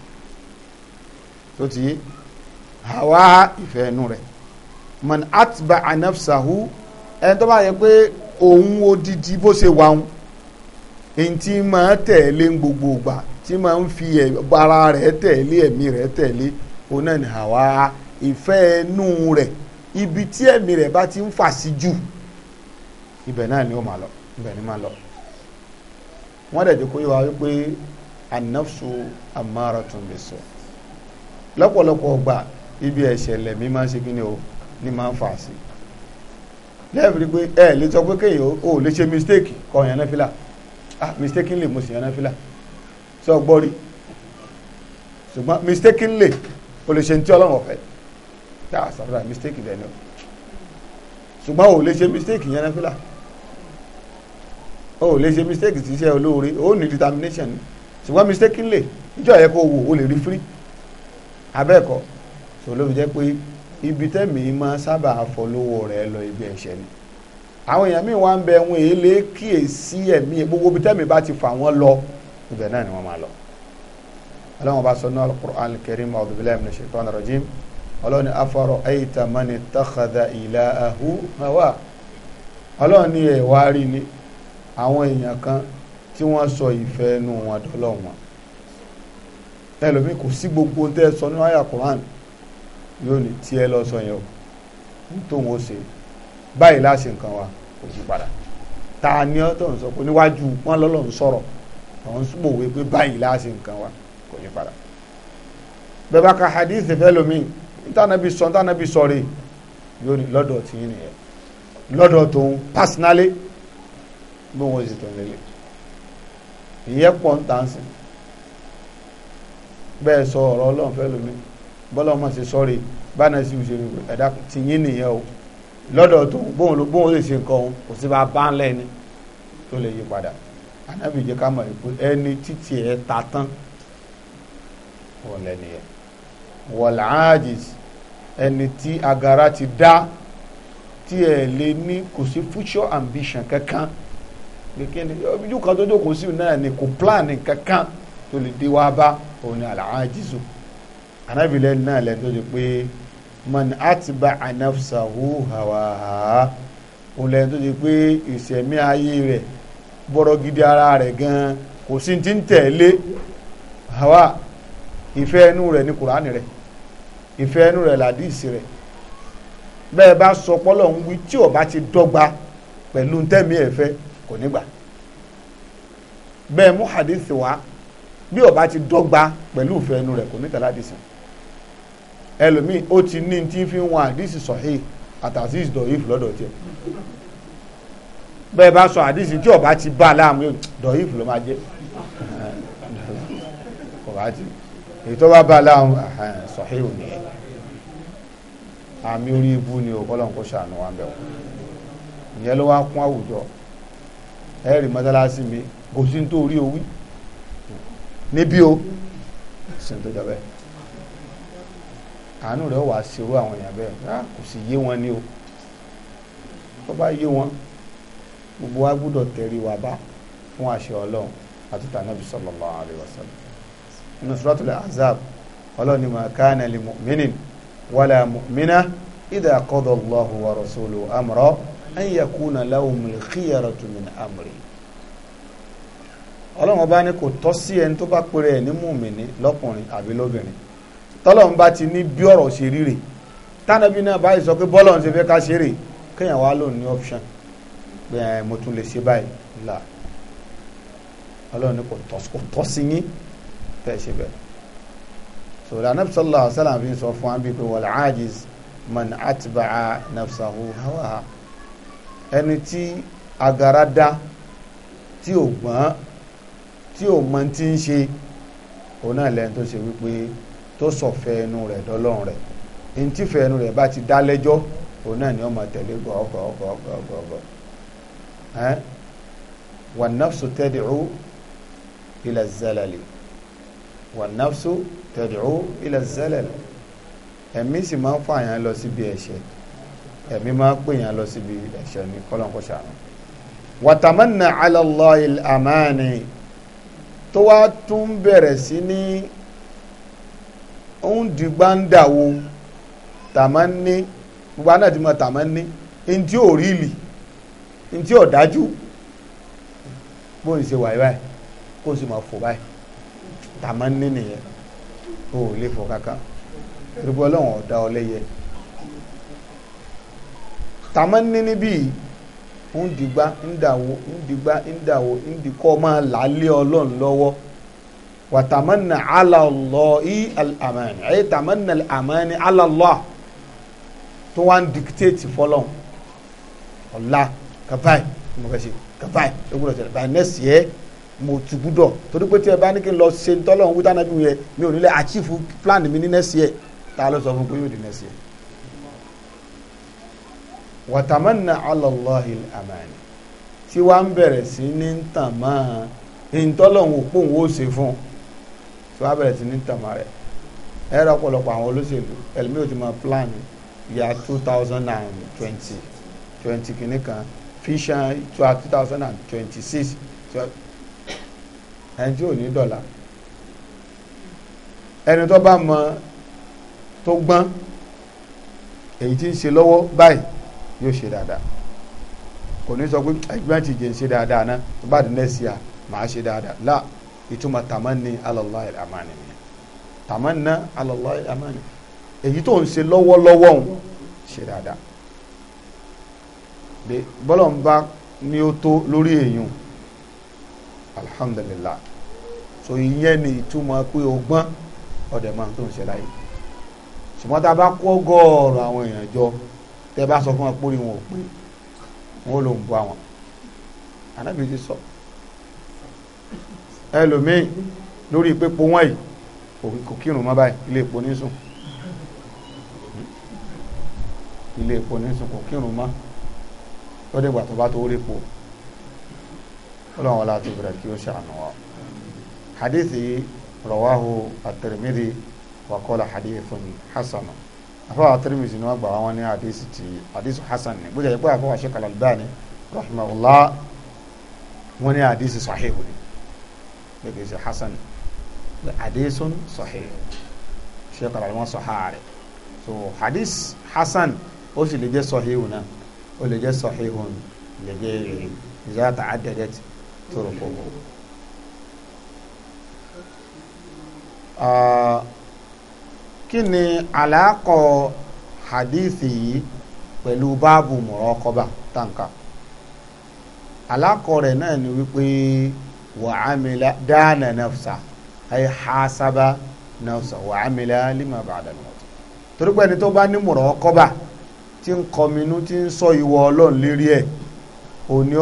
tó ti yé hawa ìfẹ́ nù rẹ̀ man atba anafsahu ẹni tó bá yẹ pé òun odidi bó ṣe wà ń ntí máa tẹ̀lé gbogbo ìgbà tí máa ń fi ara rẹ̀ tẹ̀lé ẹ̀mí rẹ̀ tẹ̀lé òun náà hawa ìfẹ́ nù rẹ̀ ibi tí ẹ̀mí rẹ̀ bá ti ń fà sí jù ibẹ̀ náà ni ó máa lọ ibẹ̀ ni máa lọ wọ́n dẹ̀ jókòó yìí wá wípé anafsu amaratun bisu lọ́pọ̀lọpọ̀ ọgbà ibi ẹ̀ṣẹ̀lẹ̀ mi máa ń ṣe kí ni o ni máa ń fà sí lẹ́ẹ̀fì pé ẹ lè sọ pé kéèyàn ò lè ṣe mistake kọ yẹn náà fìlà ah mistakenly mo sì yẹn náà fìlà sọ gbọ́ rí ṣùgbọ́n mistakenly o lè ṣe ní tí ọlọ́run ọ̀fẹ́ tá a mistake dẹ̀ ni o ṣùgbọ́n ò lè ṣe mistake yẹn náà o ò lè ṣe mistake ti iṣẹ́ olóore o ní determination ni ṣùgbọ́n mistake lè ìjọ yẹ kó wò o lè rí free abẹ́ẹ̀kọ́ so ló fi jẹ́ pé ibi tẹ́mi máa sábà fọlọ́wọ́ rẹ lọ ibi ẹ̀ṣẹ̀ ni àwọn èèyàn míì wá ń bẹ wọn èlé kíyèsí ẹ̀mí gbogbo ibi tẹ́mi bá ti fà wọ́n lọ ibẹ̀ náà ni wọ́n máa lọ ọlọ́run bá sọ náà al-Qur'an al-Karim a'udhu billahi minash shaitanir rajim ọlọ́run ni afara'ayta man ittakhadha ilahahu hawa ọlọ́run ni ẹ̀ ni àwọn èèyàn kan tí wọ́n sọ ìfẹ́ inú wọn dọ́lọ́ wọn ẹlòmíì kò sí gbogbo tẹ́ sọ ní àyà Quran yóò ní tí ẹ lọ sọ yẹn o tóun ó ṣe báyìí láṣẹ nǹkan wa kò sí padà ta ni ọ́ tó ń sọ pé níwájú wọn lọ́lọ́ ń sọ̀rọ̀ àwọn súnmọ́ òwe pé báyìí láṣẹ nǹkan wa kò sí padà bẹ́ẹ̀ bá ka hadith fẹ́ lómìn ntànàbí sọ ntànàbí sọ rè yóò lọ́dọ̀ tìyín nìyẹn lọ́dọ̀ tóun personally bó wọn sì tún lélẹ̀ ìyẹn pọ̀ ń tàn sí bẹ́ẹ̀ sọ ọ̀rọ̀ ọlọ́run fẹ́ lómi bọ́lá ọmọ sí sọ́ọ̀rì bánà sí òṣèré ẹ̀dá ti yín nìyẹn o lọ́dọ̀ tó bóun ló bóun lè ṣe nǹkan òun kò sí bá a bá ń lẹ́ni tó lè yí padà ànábì jẹ́ ká mọ̀ pé ẹni títí ẹ̀ ta tán wọn lẹ́ni yẹn wọ̀lá ájìs ẹni tí agara ti dá tí ẹ̀ lè ní kò sí future ambition kankan. kíni ojú kan tó jókòó sí náà ni kò kankan tó lè dé bá òun ni ahụ ajizu anábìlẹ̀ náà lẹ́nu tó ṣe pé man atiba anafsahu hawaha òun lẹ́nu tó ṣe pé ìṣẹ̀mí ayé rẹ bọrọ gidi ara rẹ gan kò sí ti ń tẹ̀lé hawa ìfẹ́ ẹnu rẹ ní kùránì ìfẹ́ ẹnu làdíìsì bẹ́ẹ̀ bá sọ ń wí tí ti dọ́gba pẹ̀lú ẹ̀fẹ́ kò ní gbà bẹ́ẹ̀ mú hadithi wa bí ó bá ti dọ́gba pẹ̀lú ìfẹ́ ẹnu rẹ̀ kò ní tẹ̀lé àdìsí ẹlòmíì ó ti ní tí fi ń wọn àdìsí sọ̀hí àtàsí ìdọ̀yìf lọ́dọ̀ tiẹ̀ bẹ́ẹ̀ bá sọ àdìsí tí ó bá ti bá láàmú dọ̀yìf ló máa jẹ́ kò bá ti ètò bá bá láàmú sọ̀hí ò ní àmì orí ibú ni ò kọ́lọ́n wa ń bẹ̀ wọ́n ìyẹn ló wá kún àwùjọ ẹ̀rì mọ́sálásí mi kò sí tó rí owí níbí o sì ń tó jọ bẹ́ẹ̀ àánú rẹ̀ wà ṣerú àwọn èèyàn bẹ́ẹ̀ kò sì yé wọn ní o tó bá yé wọn gbogbo wa gbúdọ̀ tẹ̀rí wa bá fún àṣẹ ọlọ́run àti tànàbí sallallahu alaihi wasallam nínú suratul azab ọlọ́run ni ma kana li mu'minin wala mu'mina idha qada Allahu an yakuna lahumul khiyaratu min amri ọlọ́run ọba ní kò tọ́ sí ẹni tó bá pèrè ẹ̀ ní mùmíní lọ́kùnrin àbí lóbìnrin tọ́lọ́run bá ti ní bí ọ̀rọ̀ ṣe ríre tánàbí náà báyìí sọ pé bọ́lọ́run ṣe fẹ́ ká ṣeré kéèyàn wá lóun ní option bẹ́ẹ̀ mo tún lè ṣe báyìí là ọlọ́run ní kò tọ́ sí yín tẹ́ ṣe bẹ́ẹ̀ sọ̀rọ̀ anábì sallallahu alaihi sọ fún wa bí pé wal ajiz man atba'a nafsahu hawaha ẹni tí agara dá tí ò gbọ́n tí ò mọ tí ń ṣe òun náà lẹ́yìn tó ṣe wípé tó sọ̀fẹ́ ẹnu rẹ̀ dọ́lọ́run rẹ̀ ntífẹ́ ẹnu rẹ̀ bá ti dá lẹ́jọ́ òun náà ni ó máa tẹ̀lé gọ̀ọ́gọ̀ọ́gọ̀ọ́gọ̀ ẹ́n wà nafsu tẹ́dìrú ilẹ̀ zẹlẹ̀lì wà nafsu tẹ́dìrú ilẹ̀ zẹlẹ̀lì ẹ̀mí sì máa ń fààyàn lọ síbi ẹ̀ṣẹ̀ ẹ̀mí máa pè yàn lọ síbi ẹ̀ṣẹ̀ ní kọ́lọ́nkọ́ ṣàánú wàtàmánà alàlọ́ àmánì tó wá tún bẹ̀rẹ̀ sí ní ń dìgbàǹdàwó tàmánì gbogbo anáà ti mọ tàmánì ntí ò rí ìlì ntí ò dájú bó ń ṣe wà báyìí kó o sì máa fò báyìí tàmánì nìyẹn o lè fò kankan irúgbó ọlọ́run ọ̀dà ọlẹ́yẹ tàmánì níbí ń dìgbà ń dàwó ń dìgbà ń dàwó ń dìkọ́ máa làálẹ̀ ọlọ́run lọ́wọ́ wà tàmánì alàlọ́ í àmàní ẹ̀ tàmánì àmàní alàlọ́ tó wá ń dictate fọlọ́n ọ̀la kàbáyé mo fẹ́ ṣe kàbáyé ewúrọ̀ ṣẹlẹ̀ báyìí nẹ́ẹ̀sì yẹ mo ti gbúdọ̀ torí pé tí ẹ bá ní kí n lọ ṣe ń tọ́lọ́run wítánábì yẹn mi ò nílẹ̀ achieve plan mi ní nẹ́ẹ̀sì yẹ ta ló sọ fún pé yóò di nẹ́ẹ̀sì yẹ wàtàmánà alọ́láhi àmàlì tí wàá ń bẹ̀rẹ̀ sí ní tàmá ìtọ́lọ́hún òpó òun ó ṣe fún tí wàá bẹ̀rẹ̀ sí ní tàmá rẹ̀ ẹ rẹ ọ̀pọ̀lọpọ̀ àwọn olóṣèlú ẹlẹ́mi ò ti máa plan ya two thousand and twenty twenty kìíní kan fission two thousand and twenty six ẹni tí ò ní dọ́là ẹni tó bá mọ tó gbọ́n èyí tí ń ṣe lọ́wọ́ báyìí yóò ṣe dáadáa kò ní sọ pé ẹgbẹ́ ti jẹ́ ń ṣe dáadáa náà tó bá di next year màá ṣe dáadáa la ìtumọ̀ tamanni ala Allah al-amani tamanna ala Allah al-amani èyí tó ń ṣe lọ́wọ́lọ́wọ́ ń ṣe dáadáa bọ́lọ̀ ń bá ó tó lórí èèyàn alhamdulillah so ìyẹn ni ìtumọ̀ pé ọgbọ́n ọ̀dẹ̀ máa tó ń ṣe láyé ṣùgbọ́n tá a bá kó ọgọ́ọ̀rọ̀ àwọn èèyàn jọ tẹ bá sọ fún wọn pórí wọn ò pé wọn ò lò ń bu àwọn ànábì ti sọ ẹlòmíì lórí ìpépo wọn yìí kò kírun mọ́ báyìí ilé epo ní sùn ilé epo ní sùn kò kírun mọ́ lọ́dẹ̀ ìgbà tó bá tó rí epo ọlọ́run ọlá ti kí ó ṣàánú wa hadith yìí rawahu at-Tirmidhi wa qala hadithun hasan afọwọ́ Tirmidhi ni wọ́n gbà wọ́n ní àdísì ti àdísì hasan ni bó jẹ́ pé àfọwọ́ Sheikh Al-Albani rahimahullah wọ́n ní àdísì sahihu ni bẹ́ẹ̀ kì í ṣe hasan bẹ́ẹ̀ so hadis hasan ó sì lè jẹ́ sahihu náà ó lè jẹ́ sahihu lè jẹ́ ìzá ta'addadat kí ni àlàkọ̀ hadithi yìí pẹ̀lú báàbù ọkọba tanka àlàkọ̀ rẹ̀ náà ni wípé wà ámìlá dáàna nafsa ay hasaba nafsa wà ámìlá lima bàdà nafsa torí pé ẹni tó bá ní ọkọba tí ń kọminú tí ń sọ ìwọ ọlọ́run lérí ẹ̀ òní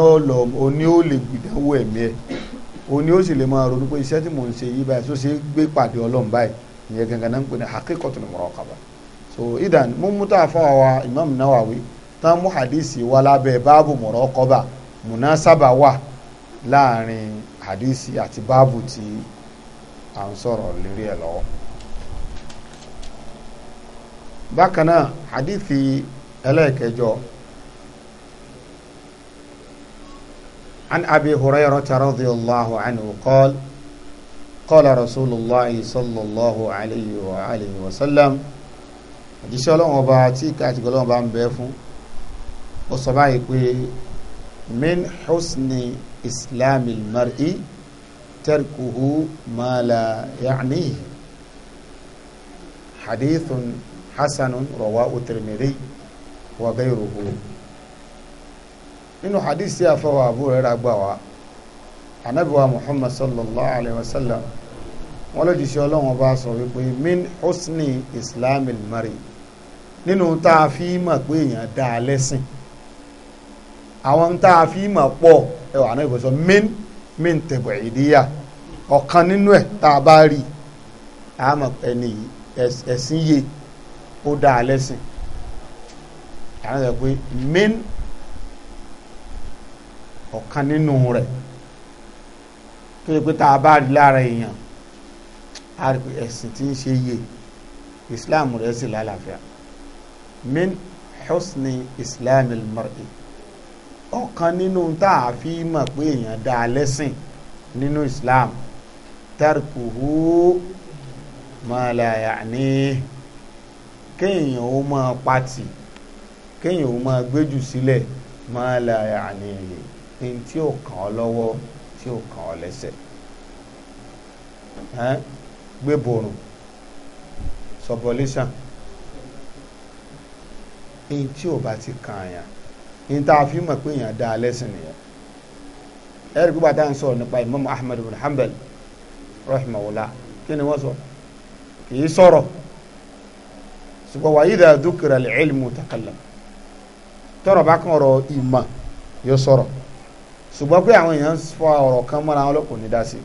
ó lè gbìdánwò ẹ̀mí ẹ̀ òní ó sì lè máa ronú pé iṣẹ́ tí mò ń ṣe yí báyìí tó ṣe é gbé pàdé ọlọ́run ìyẹn gangan náà ń pè haqiqatul muraqaba so idan mú mú tá a fọ́ wa imam nawawi tán mú hadisi wa lábẹ́ báàbù muraqaba munasaba wà láàrin hadisi àti báàbù tí à ń sọ̀rọ̀ lérí ẹ̀ e lọ́wọ́ bákan náà hadithi ẹlẹ́ẹ̀kẹjọ an abi hurayrata radiyallahu anhu قال رسول الله صلى الله عليه wa وسلم òjíṣẹ́ ọlọ́run ọba tí káàtì ọlọ́run ọba ń bẹ fún ó sọ báyìí pé min husni islamil mar'i tarkuhu ma la ya'nihi hadithun hasanun rawahu tirmidhi wa ghayruhu nínú hadith tí a fọwọ́ àbúrò gbà wá anabiwa muhammad sallallahu alayhi wa sallam wọn lòdì sí ọlọ́wọ́n bá sọ wípé min husni islamil mari nínú tá a fi mọ̀ pé èèyàn dá a lẹ́sìn àwọn tá a fi mọ̀ pọ̀ ẹwà àná ìbọ̀sọ min min tẹ̀bọ̀ ìdíyà ọ̀kan nínú ẹ̀ tá a bá rí a mọ̀ ẹni ẹ̀sìn yé ó dá a lẹ́sìn àná sọ pé min ọ̀kan nínú rẹ̀ tó yẹ pé tá a bá rí lára èèyàn a rí pé ẹ̀sìn tí ń ṣe yé islam rẹ̀ sì lálàáfíà min husni islam al-mar'i ọ̀kan nínú tá a fi mọ̀ pé èèyàn dá a lẹ́sìn nínú islam tarkuhu ma la ya'ni kéèyàn ó máa pati kéèyàn ó máa gbéjù sílẹ̀ ma la ya'ni tí ò kàn ọ́ lọ́wọ́ tí ò kàn ọ́ lẹ́sẹ̀ gbéborùn subvolution ní tí ò bá ti kàn àyàn ní tá a fi mọ̀ pé èèyàn dáa lẹ́sìn nìyẹn ẹ̀rí pípa tá à ń sọ̀rọ̀ nípa Imam Ahmad ibn Hanbal rahimahullah kí ni wọ́n sọ kì í sọ̀rọ̀ ṣùgbọ́n wa idha dhukira al-ilmu takallam tọrọ bá kàn ọ̀rọ̀ ìmọ̀ yóò sọ̀rọ̀ ṣùgbọ́n pé àwọn èèyàn fọ ọ̀rọ̀ kan mọ́ra wọn lọ́kùnrin dá sí i.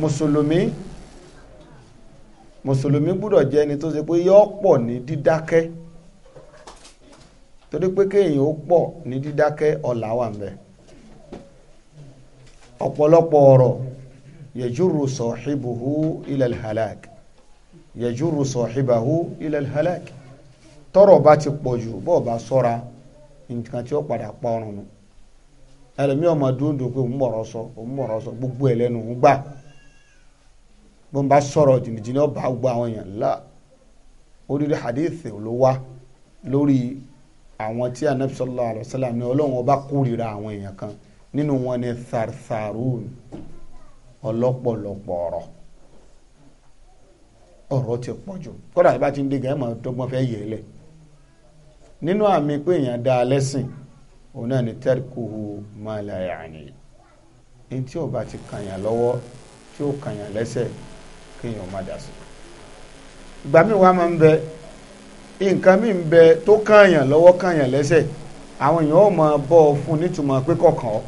mùsùlùmí mùsùlùmí gbúdọ̀ jẹ́ ẹni tó ṣe pé yọ́ pọ̀ ní dídákẹ́ torí pé kéèyàn ó pọ̀ ní dídákẹ́ ọ̀la wà ń bẹ ọ̀pọ̀lọpọ̀ ọ̀rọ̀ yẹjúrù sọ̀híbùhú ilal halak yẹjúrù sọ̀híbàhú ilal halak tọ́rọ̀ bá ti pọ̀ jù bọ́ọ̀ bá sọ́ra nǹkan tí ó padà pa ọrùn ẹlòmíọ̀ máa dúndùn pé òun mọ̀rọ̀ sọ òun mọ̀rọ̀ sọ gbogbo ẹ̀ lẹ́nu òun gbà bó ń bá sọ̀rọ̀ jìnnìjìnnì ọba gbogbo àwọn èèyàn la oríire hadith ló wá lórí àwọn tí anabi sallallahu alayhi wa sallam ní ọlọ́run ọba kórìíra àwọn èèyàn kan nínú wọn ni sarsarun ọlọ́pọ̀lọpọ̀ ọ̀rọ̀ ọ̀rọ̀ ti pọ̀ jù kódà tí bá ti ń dé gẹ́gẹ́ mọ̀ dọ́gbọ́n fẹ́ yẹ̀ lẹ̀ nínú àmì pé èèyàn dá a lẹ́sìn òun náà ni tẹ́rìkùhù máa la yàní ní tí ó bá ti kàyàn lọ́wọ́ tí ó kàyàn lẹ́sẹ̀ kéèyàn má dá sí ìgbà míì wá máa ń bẹ nǹkan míì ń tó kààyàn lọ́wọ́ kààyàn lẹ́sẹ̀ àwọn èèyàn ò máa bọ́ fún nítumọ̀ pé kọ̀ọ̀kan ọ́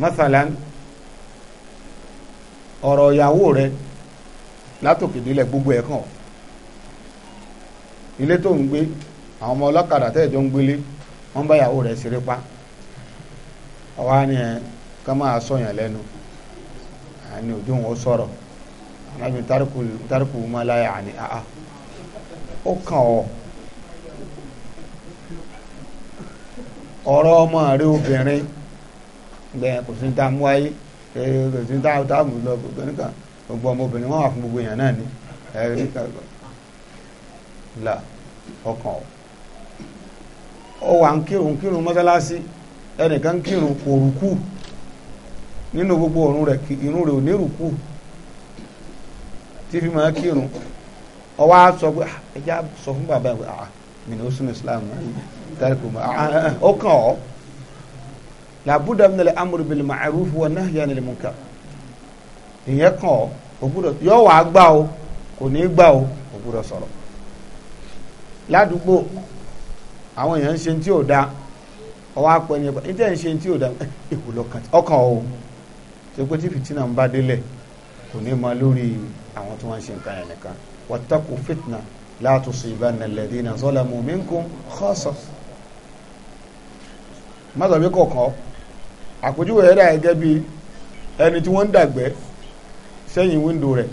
mọ́sálán ọ̀rọ̀ ìyàwó rẹ látòkè délẹ̀ gbogbo ẹ̀ kàn ilé tó ń gbé àwọn ọmọ ọlọ́kadà tẹ́ẹ̀jọ́ ń gbélé wọ́n bá pa ọ̀wá ni ẹ̀ máa sọ̀yàn lẹ́nu àní wọn anábì tárùkù ma la yaani àá ó o ọ̀rọ̀ ọmọ rẹ obìnrin gbẹ̀yìn kò sí ní táàmù wáyé kò sí ní táàmù lọ obìnrin kan gbogbo ọmọ obìnrin wọn wà fún gbogbo èèyàn náà ni ẹ̀rí kàgbọ́ là kò rúkú nínú gbogbo ọ̀run irun tí fi máa kírun ọwọ́ á sọ pé ah, ẹja sọ fún bàbá ah, islam tẹ́lẹ̀kù mọ́ ah, ó kàn ọ́ làbúdà mi nílẹ̀ amúrú bil ma'ruf wa nahyi anil munkar ìyẹn kàn ọ́ o yọ o kò ní í o ògbúdọ̀ sọ̀rọ̀ Ladugbo, àwọn ń o bá ń ọkàn o ṣe kò ní ma lórí àwọn tí wọ́n ń ṣe nǹkan yẹn nìkan wattaqu fitna la tusibanna alladhina zalamu minkum khassa mọ́tàbí kọ̀ọ̀kan àpèjúwe ẹ̀dá gẹ́gẹ́ bí ẹni tí wọ́n ń dàgbẹ́ sẹ́yìn wíńdò rẹ̀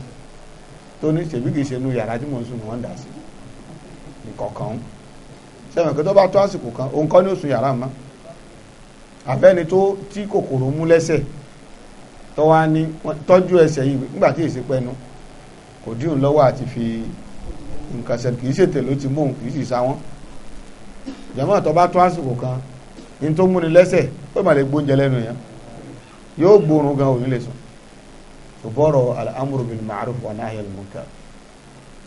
tó ní ṣèbí kìí ṣe nu yàrá tí mò ń sùn wọ́n dà sí nìkọ̀ọ̀kan sẹ́wọ̀n kí tó bá tó àsìkò kan òun kọ́ ní oṣù yàrá mọ́ àbẹ́ni tó tí kòkòrò mú lẹ́sẹ̀ tó wá ní tọ́jú ẹsẹ̀ yìí nígbà tí èsì pẹnu kò díhùn lọ́wọ́ àti fi nǹkan ṣe kì ṣètè ló ti mú òun wọn jàmáà tó bá tó kan ní tó múni lẹ́sẹ̀ ó mà lè gbóúnjẹ lẹ́nu yẹn yóò gan òní lè sùn ṣùgbọ́rọ̀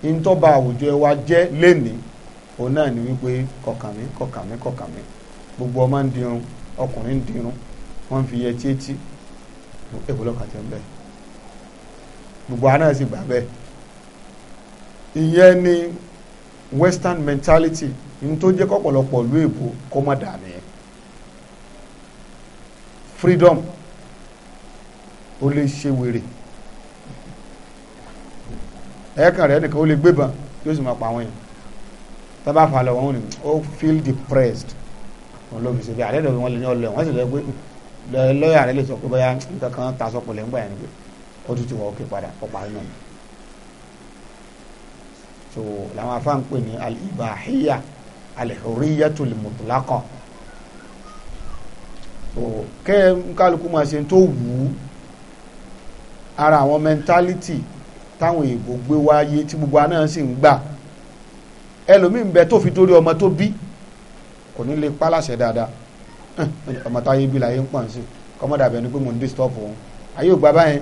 ní tó bá kọkànmí kọkànmí kọkànmí gbogbo ọmọ ń dirun ọkùnrin ń dirun wọ́n èkó lọ́kàn ti ń bẹ̀ gbogbo àná sì gbà bẹ́ẹ̀ ìyẹn ni western mentality ní tó jẹ́ kọ́pọ̀lọpọ̀ ìlú èbó kó má dà ní freedom ó lè ṣe wèrè ẹ̀ẹ̀kan rẹ̀ nìkan ó lè gbébọn yóò sì máa pa àwọn èèyàn tábà lọ wọn ò ní ó feel depressed wọn ló fi ṣe bí alẹ́ dọ̀ wọn lè ní ọlẹ́ wọn sì lọ gbé lọ́ọ̀yà rẹ lè sọ pé bóyá nǹkan kan ta sọ pọ̀lẹ́ ń gbà yẹn ni pé ó tún ti wọ̀ òkè padà ó parí náà so làwọn afáà ń pè ní al-ibahiyya al-hurriyyatul mutlaqa so kẹ́ kálukú máa ṣe tó wù ú ara àwọn mẹ́ńtálítì táwọn èèbò gbé wáyé tí gbogbo aná sì ń gbà ẹlòmíín bẹ tó fi torí ọmọ tó bí kò ní lè pa láṣẹ dáadáa ọmọ táyé bí láyé ń pọ̀ sí kọ́mọ́dà bẹ́ẹ̀ ni pé mo ń disturb òun ayé ò báyẹn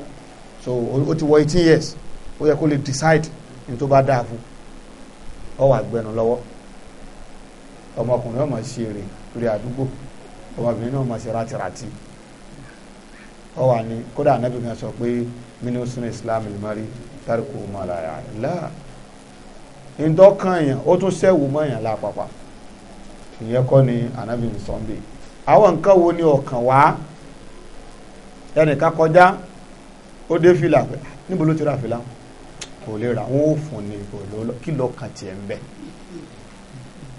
so ó ti wọ eighteen years ó yẹ kó lè decide ní tó bá dáa fún ọ wà gbẹnu lọ́wọ́ ọmọkùnrin ọmọ ṣe èrè rí àdúgbò ọmọbìnrin náà ọmọ ṣe rátirátì ọ wà ní kódà anábì kan sọ pé minu sunu islam ilmari tariku malaya la ntọ́kàn yẹn ó tún sẹ́wù mọ́ yẹn lápapà ìyẹn kọ́ ni anábì sọ́ńbì àwọn nǹkan wo ni ọ̀kàn wá ẹnìkan kọjá ó dé fìlà pé ah, níbo ló ti ra fìlà kò lè ra wọn ò fún ni kò lọ kí lọ kàn tiẹ̀ ń bẹ̀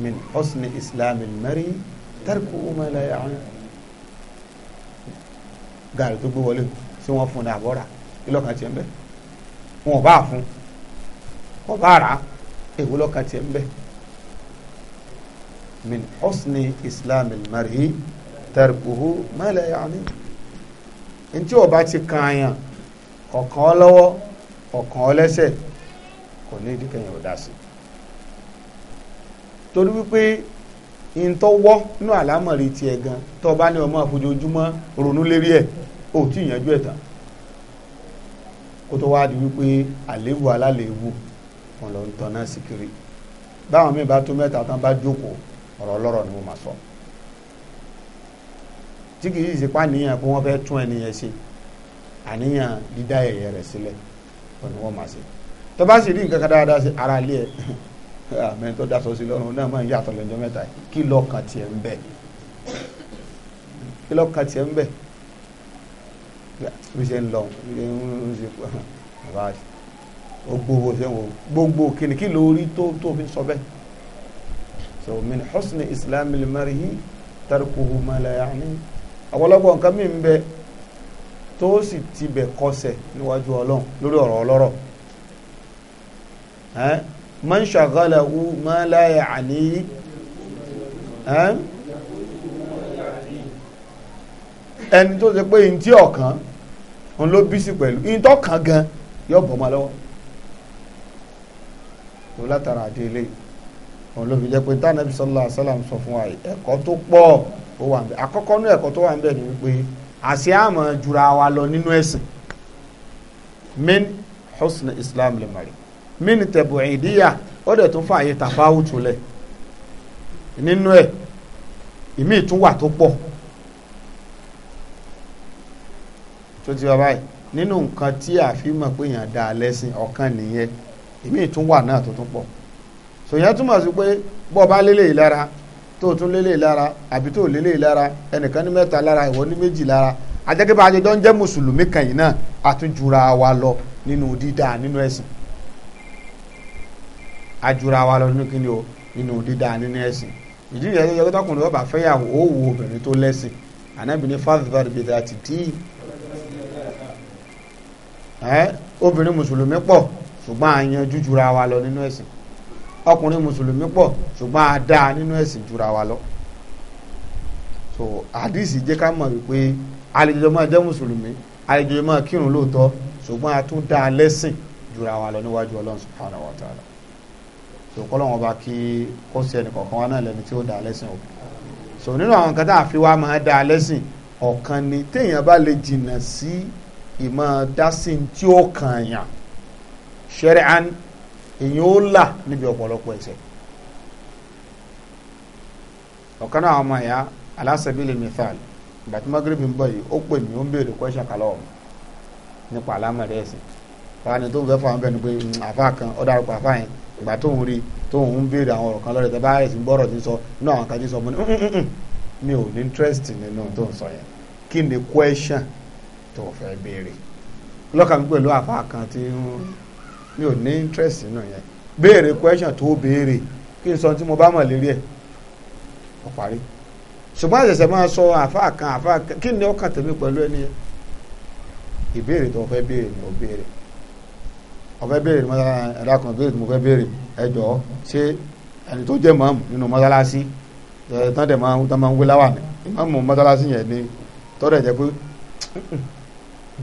min husni islami mari tẹ́rìkù ọmọ ilẹ̀ yàrá gàrí tó gbé wọlé tí wọ́n fún ní àbọ̀rà kí lọ́kàn tiẹ̀ ń bẹ̀ wọn ò bá fún wọn bá rà èwo lọ́kàn tiẹ̀ ń bẹ̀ min husni islami mari tarkuhu ma la ya'ni ntí ó bá ti kan àyàn ọ̀kan lọ́wọ́ ọ̀kan lẹ́sẹ̀ kò ní ìdíkẹyìn ọ̀dá sí torí wípé ìntọ́wọ́ nínú àlámọ̀rí tiẹ̀ gan tó bá ní ọmọ àfojoojúmọ́ ronú lérí ẹ̀ ò tí ìyànjú ẹ̀ tán kó tó wá di wípé àléwu alálèéwu wọn lọ ń tanná síkiri báwọn míì bá tó mẹ́ta tán bá jókòó ọ̀rọ̀ ọlọ́rọ̀ ni mo máa sọ. So tí kì í sì pàníyàn pé wọ́n fẹ́ tún ẹnìyẹn ṣe àníyàn dídá ẹ̀yẹ rẹ̀ sílẹ̀ pẹ̀lú wọn máa ṣe tó bá sì rí nǹkan kan dáadáa sí ara ilé ẹ̀ àmì tó dasọ sí lọ́rùn náà máa ń yàtọ̀ lọ́jọ́ mẹ́ta kí lọ́kàn tiẹ̀ ń bẹ kí lọ́kàn tiẹ̀ ń bẹ bí ṣe ń lọ gbogbo ṣe ń wo gbogbo kìnnì kí lórí tó tó fi sọ bẹ́ẹ̀ so min husni islamil marhi tarkuhu ma ọ̀pọ̀lọpọ̀ nǹkan mí ń bẹ tó sì ti bẹ̀ kọsẹ̀ níwájú ọlọ́run lórí ọ̀rọ̀ ọlọ́rọ̀ man shagalahu ma la ya'ni ẹni tó ṣe pé ntí ọ̀kan ń ló bí sí pẹ̀lú ntọ́kan gan yóò bọ̀ mọ́ lọ́wọ́ tó látara àdéhìlẹ́ òun ló fi jẹ́ pé tánàbí sallallahu alaihi sọ fún wa ẹ̀kọ́ tó pọ̀ ó wà nbẹ akọkọ nínú ẹ̀kọ́ tó wà nbẹ ni wípé àṣẹ àmọ́ jura wa lọ nínú ẹsìn min islam lè mari min tẹ̀bùrìdíyà ó dẹ̀ tún fààyè tàfáwùtù lẹ̀ nínú ẹ̀ ìmí ìtún wà tó pọ tó ti wá báyìí nínú nǹkan tí a fi pé dá wà náà tó tún pọ túmọ̀ sí pé bọ́ọ̀ bá lélẹ̀ yìí lára tó tún lélẹ̀ lára àbí tó lélẹ̀ lára ẹnìkan ní mẹ́ta lára ìwọ ní méjì lára bá a ń jẹ́ mùsùlùmí kan náà àtúnjura wa lọ nínú lọ nínú kíni o nínú dídá nínú ẹ̀sìn ìdí kùnú ọba fẹ́yàwó ó wo obìnrin tó lẹ́sìn ànábì ní tí lọ nínú ẹ̀sìn ọkùnrin mùsùlùmí pọ̀ ṣùgbọ́n a dáa nínú ẹ̀sìn jura wa lọ so àdìsí jẹ́ ká mọ̀ wípé àlejò máa jẹ́ mùsùlùmí àlejò máa kírun lóòótọ́ ṣùgbọ́n a tún dáa lẹ́sìn jura wa lọ níwájú ọlọ́run subhanahu wa ta'ala so kọ́lọ́wọ́n bá kí kó sí ẹnì kọ̀ọ̀kan wa náà lẹ́ni tí ó dáa lẹ́sìn o so nínú àwọn kan tá a fi wá máa dáa lẹ́sìn ọ̀kan ni téèyàn bá lè jìnnà sí ìmọ̀ dásìn tí ó kàn yàn èyí ó là níbi ọ̀pọ̀lọpọ̀ ise ọ̀kan náà ọmọ ẹ̀yà alásẹ̀bílẹ̀ mithal ìgbàtí ń bọ̀ yìí ó pè mí ó ń béèrè question kan lọ́wọ́ nípa alámọ̀rẹ́ ẹ̀sìn fani tó ń fẹ́ fún abẹ́ni pé hmm, àfa kan ó dárúkọ àfa yẹn ìgbà tó ń rí tó ń béèrè àwọn ọ̀rọ̀ kan lọ́rẹ̀ tẹ́ bá ẹ̀sì ń ti sọ àwọn kan ti sọ hmm, hmm, mi ò ní interest mi ò ní interest nínú yẹn béèrè question tó béèrè kí n sọ tí mo bá mọ̀ lérí ẹ̀ ó parí ṣùgbọ́n àṣẹ̀ṣẹ̀ máa sọ àfa kan àfa kan kí ni ọkàn tèmi pẹ̀lú ẹni yẹn ìbéèrè tó fẹ́ béèrè ni ò béèrè ọ̀fẹ́ béèrè ní mọ́sálásí ẹ̀dá kan béèrè tí mo fẹ́ béèrè ẹ jọ̀ọ́ ṣé ẹni tó jẹ́ mọ́ọ̀mù nínú mọ́sálásí ẹ̀ tán dẹ̀ máa ń tán máa ń wé láwà ní mọ́ọ̀mù mọ́sálásí yẹn ni tọ́dẹ̀ jẹ́ pé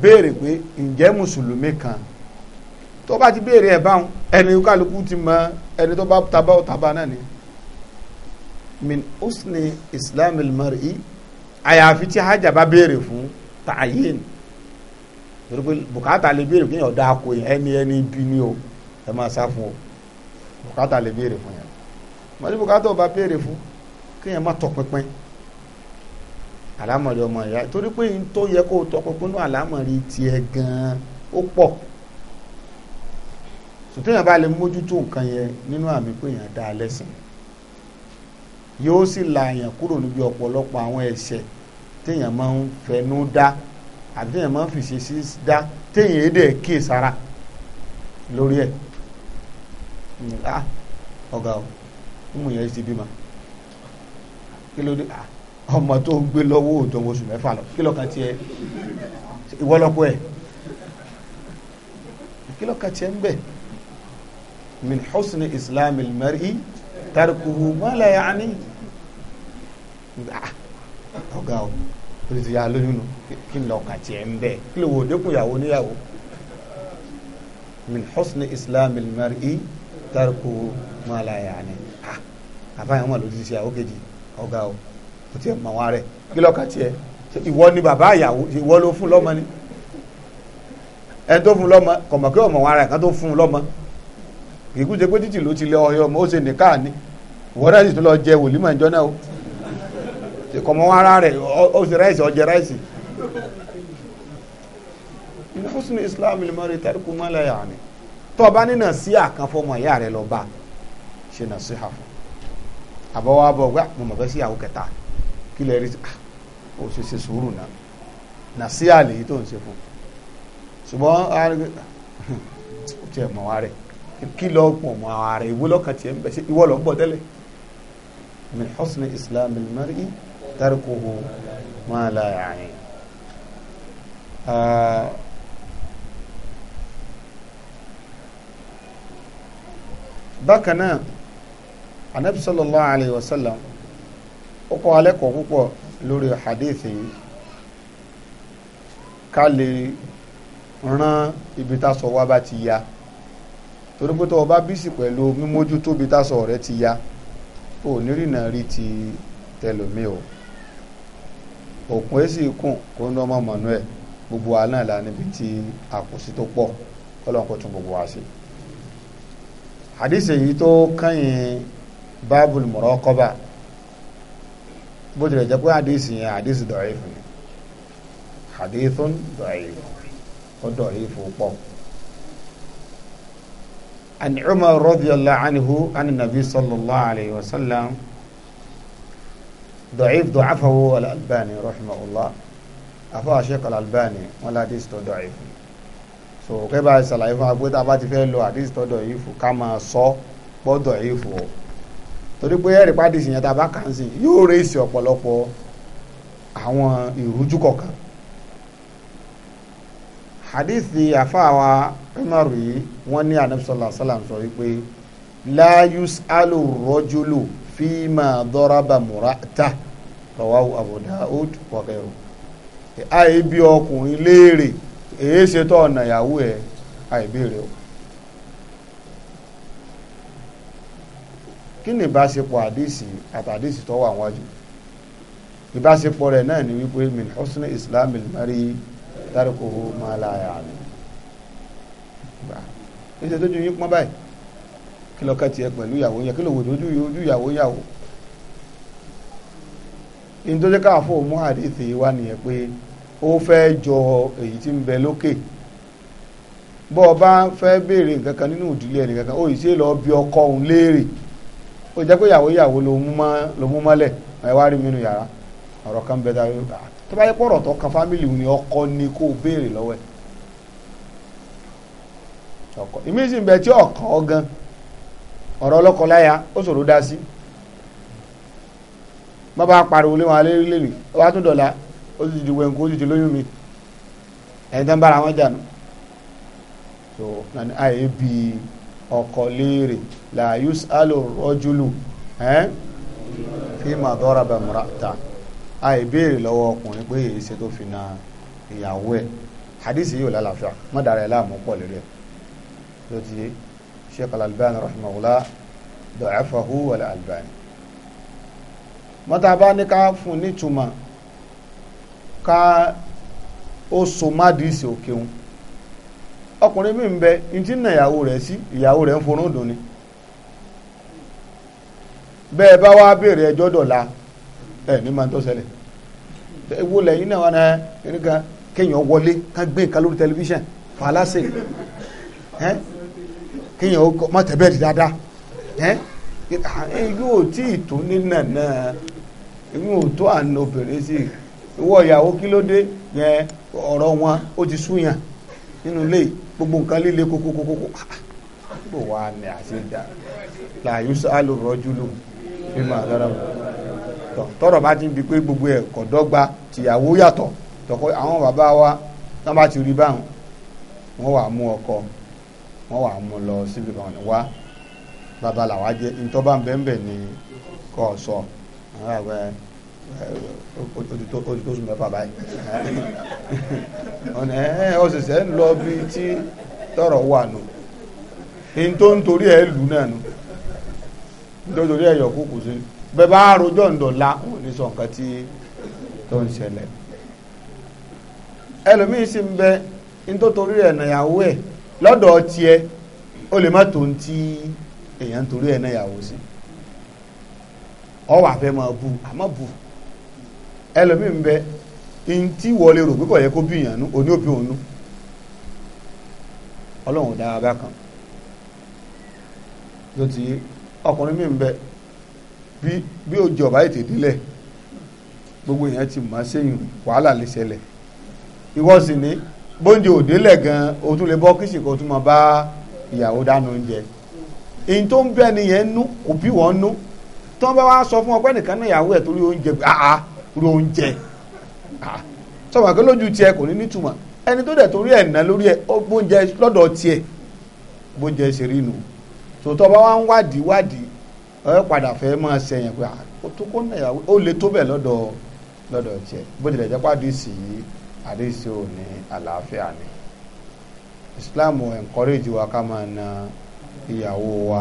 béèrè pé ǹjẹ́ mùsùlùmí kan tó bá ti béèrè ẹ̀ báwọn ẹni kálukú ti mọ ẹni tó bá tabá ò tabá náà ni min usni islam al-mar'i àyàfi tí hajj bá béèrè fún tààyèn torí pé bùkátà lè béèrè fún yẹn ọ̀dà àkó yẹn ẹni ẹni bí ni o ẹ máa sá fún o bùkátà lè béèrè fún yẹn mọ̀lẹ́ bùkátà ọba béèrè fún kí yẹn má tọ̀ pínpín àlámọ̀rí ọmọ ìyá torí pé n tó yẹ kó tọ̀ pínpín náà àlámọ̀rí tiẹ̀ gan-an ó pọ̀ sòtẹ́yìn bá lè mójútó nǹkan yẹn nínú àmì pé èèyàn dá a lẹ́sìn yóò sì la èèyàn kúrò níbi ọ̀pọ̀lọpọ̀ àwọn ẹ̀ṣẹ̀ téèyàn máa ń fẹnu dá àbí téèyàn máa ń fìṣe sí dá téèyàn èdè kíì sára lórí ẹ̀ ah ọ̀gá o ọmọ yẹn ti bímọ kí ló dé ah ọmọ tó ń gbé lọ́wọ́ òòjọ́ oṣù mẹ́fà lọ kí lọ́kàn tiẹ̀ ìwọ́lọ́pọ̀ ẹ̀ kí lọ́kàn tiẹ̀ ń bẹ̀. من حسن إسلام al تركه ما لا يعني ya'ni ọ̀gá o olùsí ya lóyún nu kí n lọ kà tiẹ̀ ń bẹ́ẹ̀ kí ló wo dẹ́kun ìyàwó níyàwó min husni islam al-mar'i tarkuhu ma la ya'ni àfáàyàn wọn lòdì sí ìyàwó kejì ọ̀gá o kò tiẹ̀ mọ̀ wá kí lọ́ọ́ kà tiẹ̀ ìwọ ni bàbá ìyàwó ìwọ ló fún lọ́mọ ni ẹni tó fún lọ́mọ kọ̀mọ̀ kí ọmọ wa tó fún lọ́mọ ìkú ṣe pé títì ló ti lé ọyọ ọmọ ó ṣe nìkan ni wọ́dà sì tún lọ jẹ wòlímọ̀ ìjọ náà o ṣe kọ́ mọ́ ara rẹ̀ ó ṣe ráìsì ó jẹ ráìsì. islam ni mọ́rin tẹ́lifù mọ́lẹ̀ yà ni tó o bá nínà sí àkànfọ́ ọmọ ìyá rẹ lọ bá ṣe nà sí àfọ̀ àbọ̀wọ́ abọ̀ gbá mo mọ̀ fẹ́ sí ìyàwó kẹta kí lè rí ah, ó ṣe ṣe sùúrù náà nà sí àlè yìí tó ń ṣe fún ṣùgbọ́n ó tiẹ̀ mọ̀ wá rẹ̀ kí lọ gbọ̀n mọ́ ara ìwé lọ́kàn tiẹ̀ ń bẹ̀ ṣe ìwọ lọ ń bọ̀ tẹ́lẹ̀ min husni islam al-mar'i tarkuhu ma la ya'ni bákan náà anabi sallallahu alayhi wa sallam ó kọ́ alẹ́ kọ́ púpọ̀ lórí hadithi yìí ká lè rán ibi tá a sọ wá bá ti ya torí pé tó o bá bísí pẹ̀lú mímójútó bí tásọ rẹ ti ya ò nírìnà rí ti tẹlomi o òkun èsì kùn kó ní ọmọ Manuel gbogbo wa náà la níbi tí àkùsí tó pọ̀ Ọlọ́run kó tún gbogbo wa sí. hadith èyí tó kẹ́yìn báàbùl muraqaba bó tilẹ̀ jẹ́ pé hadith yẹn hadith da'if ni hadithun da'if ó da'if pọ̀. عن عمر رضي الله عنه عن النبي صلى الله عليه وسلم ضعيف ضعفه الألباني رحمه الله أفا شيخ الألباني ولا ديستو ضعيف so kẹ́ bá ṣàlàyé fún abúlé tá a bá ti fẹ́ lo àdìsí tó dọ̀yìí fún ká máa sọ pọ́ dọ̀yìí fún o torí pé ẹ̀rí pàdé ìsìnyẹn tá a bá kà ń sìn yóò rèé sí ọ̀pọ̀lọpọ̀ àwọn ìrújú kọ̀ọ̀kan hadithi afaawa umar yìí wọ́n ní anabi sallallahu alaihi wasallam sọ wípé la yus'alu rajulu fima daraba murata rawahu abu daud wa ghayru àì bí ọkùnrin léèrè èyí ṣètò ọ̀nà ìyàwó ẹ̀ àì béèrè o kí ni ìbáṣepọ̀ àdìsí àtàdìsí tó wà wájú ìbáṣepọ̀ rẹ̀ náà ni wípé min husni islamil tárùkùhù máa la àyàmì gbà níṣẹ́ tó ju yín pọ́n báyìí kí lọ ká tiẹ̀ pẹ̀lú ìyàwó yẹn kí lọ wò ojú ìyàwó yàwó in káàfó fẹ́ jọ èyí tí ń bẹ lókè bọ́ bá fẹ́ béèrè nǹkan kan nínú ìdílé ẹnì ọkọ òun léèrè ó jẹ́ pé ìyàwó ìyàwó ló mú mọ́lẹ̀ wá rí mi nù tó bá yẹ pọ̀rọ̀ tó kan fámìlì ni ọkọ ni kó o béèrè lọ́wọ́ ẹ̀ ọkọ ìmísìn bẹ tí ọkàn ọgan ọ̀rọ̀ ọlọ́kọ láya ó ṣòro dá sí má bá pariwo lé wọn alẹ́ ó bá tún dọ̀la ó sì ti wẹ̀ǹkó ó sì ti lóyún mi ẹ̀yìn tó ń bára wọn jà nù so nani ayé bi ọkọ léèrè la yus alo rọjulu ẹ fi ma dọ́ra bẹ̀ múra ta àìbéèrè lọ́wọ́ ọkùnrin pé èyí ṣe tó fi na ìyàwó ẹ̀ hadisi yóò lálàáfíà mọ́dàrá ẹ̀ láàmú pọ̀ lérí ẹ̀ ló ti Sheikh al-Albani rahimahullah da'afahu wal-Albani mọ́tà bá ní ká fún nítumọ̀ ká ó so mádìsì òkèun ọkùnrin mi ń bẹ ntí nà ìyàwó rẹ̀ sí ìyàwó rẹ̀ ń forún dùn ni bẹ́ẹ̀ bá wá béèrè ẹjọ́ dọ̀la ẹ ní máa ń tó ṣẹlẹ̀ ewu lẹ́yìn náà wà ní ẹni kan kéèyàn wọlé ká gbé nǹkan lórí tẹlifíṣàn fàlásè ẹ kéèyàn má tẹ̀bẹ́ rí dáadáa ẹ yóò tí ì tó nínà náà yóò tó àna obìnrin sí ìwọ ìyàwó kí ló dé yẹn ọ̀rọ̀ wọn ó ti súyàn nínú ilé gbogbo nǹkan líle kókókókó ah, bó wà ní àṣejá làyùsá ló rọjú lò bí màá lọ́ra wọn tọrọ bá ti ń bi pé gbogbo ẹ̀ kò dọ́gba tìyàwó yàtọ̀ tọkọ àwọn bàbá wa tán bá ti rí báwọn wọ́n wà mú ọkọ wọ́n wà mú lọ síbi kan wá bàbá làwa jẹ́ ntọ́ bá ń bẹ́ẹ̀ bẹ́ẹ̀ ni kò sọ àwọn àgbẹ̀ oditosu mẹ́fà báyìí ọ̀nà ẹ̀ ọ̀sẹ̀sẹ̀ ń lọ bí tí tọrọ wà nù ní ń torí ẹ̀ lù náà nù ní torí ẹ̀ yọ̀ kúkú sí bẹ́ẹ̀ bá rojọ́ ńdọ̀la òun ní sọ nǹkan tí tó ń ṣẹlẹ̀ ẹlòmíín sì ń bẹ nítorí ẹ̀ nàyàwó ẹ̀ lọ́dọ̀ tiẹ̀ ó lè má tó ń tí èèyàn torí ẹ̀ nàyàwó sí ọ wà fẹ́ máa bu àmọ́ bu ẹlòmíín ń bẹ ntí wọlé rò pé kò yẹ kó bí yàn nú òní òbí òun nú ọlọ́run dára bá kan ló ọkùnrin mi ń bẹ bí bí òjò ọ̀bá ètè délẹ̀ gbogbo èèyàn ti mọ̀ sẹ́yìn wàhálà lè ṣẹlẹ̀ ìwọ sì ní bóńjẹ òdélẹ̀ gan o tún lè bọ́ kíṣì kó tún mọ bá ìyàwó dánú oúnjẹ èyí tó ń bẹ́ẹ̀ nìyẹn nú kò bí wọ́n nú tí wọ́n bá wá sọ fún ọpẹ́ nìkan náà ìyàwó ẹ̀ torí oúnjẹ àá ro oúnjẹ àá sọ̀rọ̀ lójú tiẹ̀ kò ní nítumọ̀ ẹni tó dẹ̀ torí ẹ̀ ná lórí ẹ̀ ó lọ́dọ̀ tiẹ̀ gbóúnjẹ ṣe rí nù tòótọ́ bá wá ń wádìí wádìí ọ padà fẹ́ máa ṣẹyìn pé ah, ó tó kó nàyàwó ó lè tó bẹ̀ lọ́dọ̀ lọ́dọ̀ tiẹ̀ bó tilẹ̀ jẹ́ pàdísì yìí àdísì ò ní àlàáfíà ni Islam encourage wa ká máa na ìyàwó wa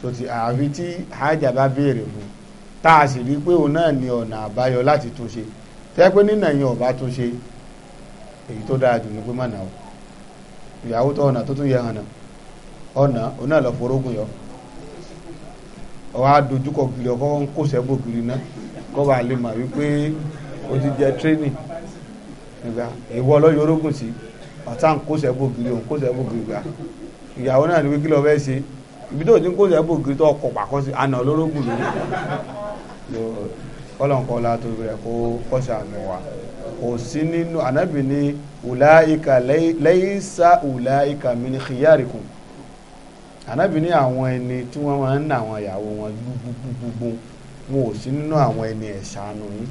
tó ti àfi tí hájà bá béèrè fún tá a sì rí pé òun náà ní ọ̀nà àbáyọ láti tún ṣe tẹ́ pé nínà yẹn ọ̀bá tún ṣe èyí tó dáa jù ní pé má nà ó ìyàwó tó ọ̀nà tó tún yẹ hàn ọ̀nà òun náà lọ forógùn yọ ọwọ́ adójúkọ gírí ọkọ́ ń kó sẹ́gbò gírí náà kọ́ bá lè mà wípé o ti jẹ tírénì nígbà ìwọ ọlọ́yọ̀ orógùn sí ọ̀tá ń kó sẹ́gbò gírí òun kó sẹ́gbò ìyàwó náà ni wíkí lọ fẹ́ ṣe ibi tó ti ń kó sẹ́gbò gírí tó ọkọ̀ pàkọ́ sí àná olórógùn lórí kọ́lọ̀nkọ́lá tó bẹ̀rẹ̀ kó kọ́ṣà mi wá kò sí nínú ànábì ní ùláìkà laysa ùláìkà min khiyarikum ànábì ní àwọn ẹni tí wọ́n máa ń nà àwọn ìyàwó wọn gbúgbúgbúgbú wọn ò sí nínú àwọn ẹni ẹ̀sánú yín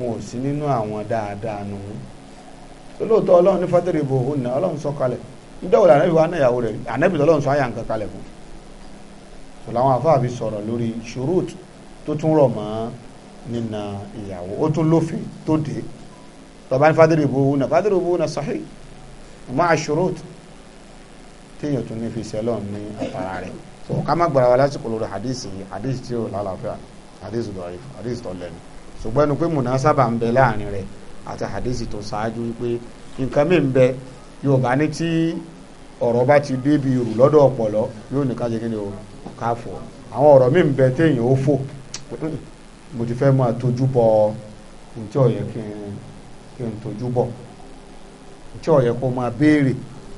wọn ò sí nínú àwọn dáadáa nù yín olóòótọ́ ọlọ́run ní fátẹ́rì ìbò òhun náà ọlọ́run sọ kalẹ̀ nídọ̀wọ̀ ànábì wa náyàwó rẹ̀ ànábì tọ́lọ́run sọ àyà nǹkan kalẹ̀ fún kò láwọn afáà fi sọ̀rọ̀ lórí ṣurut tó tún rọ̀ mọ́ nínà ìyàwó ó tún lófin tó dé tọ́ba ní fátẹ́rì ìbò òhun náà fátẹ́rì ìbò òhun náà sahih kéèyàn tún ní fi ṣe ní àtàrà rẹ̀ so ká má gbára wa lásìkò lórí hadisi hadisi tí ó lálàáfíà hadisi dọ̀rí hadisi tó lẹ́nu ṣùgbọ́n ẹnu pé mùnásábà ń bẹ láàrin rẹ̀ àti hadisi tó ṣáájú wípé nǹkan mi bẹ ní tí ọ̀rọ̀ bá ti lọ́dọ̀ ọpọlọ yóò ní o ká àwọn ọ̀rọ̀ mi ń bẹ bọ n bọ kó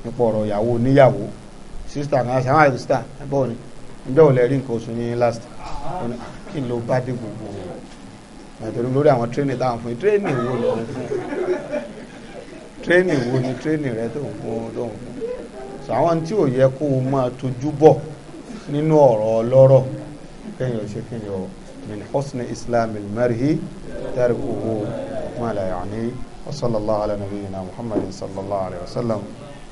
nípa ọ̀rọ̀ ìyàwó oníyàwó sísítà náà sàmà sísítà bọ́ọ̀ ni ǹjẹ́ ò lè nǹkan oṣù yín last ah, kí ló bá dé gbogbo nítorí lórí àwọn tírénì táwọn fún yín tírénì wo ló ń fún tírénì wo ni tírénì rẹ tó ń fún tó ń fún sọ àwọn tí ò yẹ kó o máa tójú bọ̀ nínú ọ̀rọ̀ ọlọ́rọ̀ kéèyàn ṣe kéèyàn min husni islamil marhi tarikuhu ma la wa sallallahu alayhi wa sallam.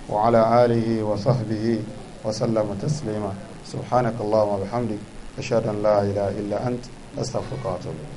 وعلى آله وصحبه وسلم تسليما سبحانك اللهم وبحمدك أشهد أن لا إله إلا أنت أستغفرك وأتوب إليك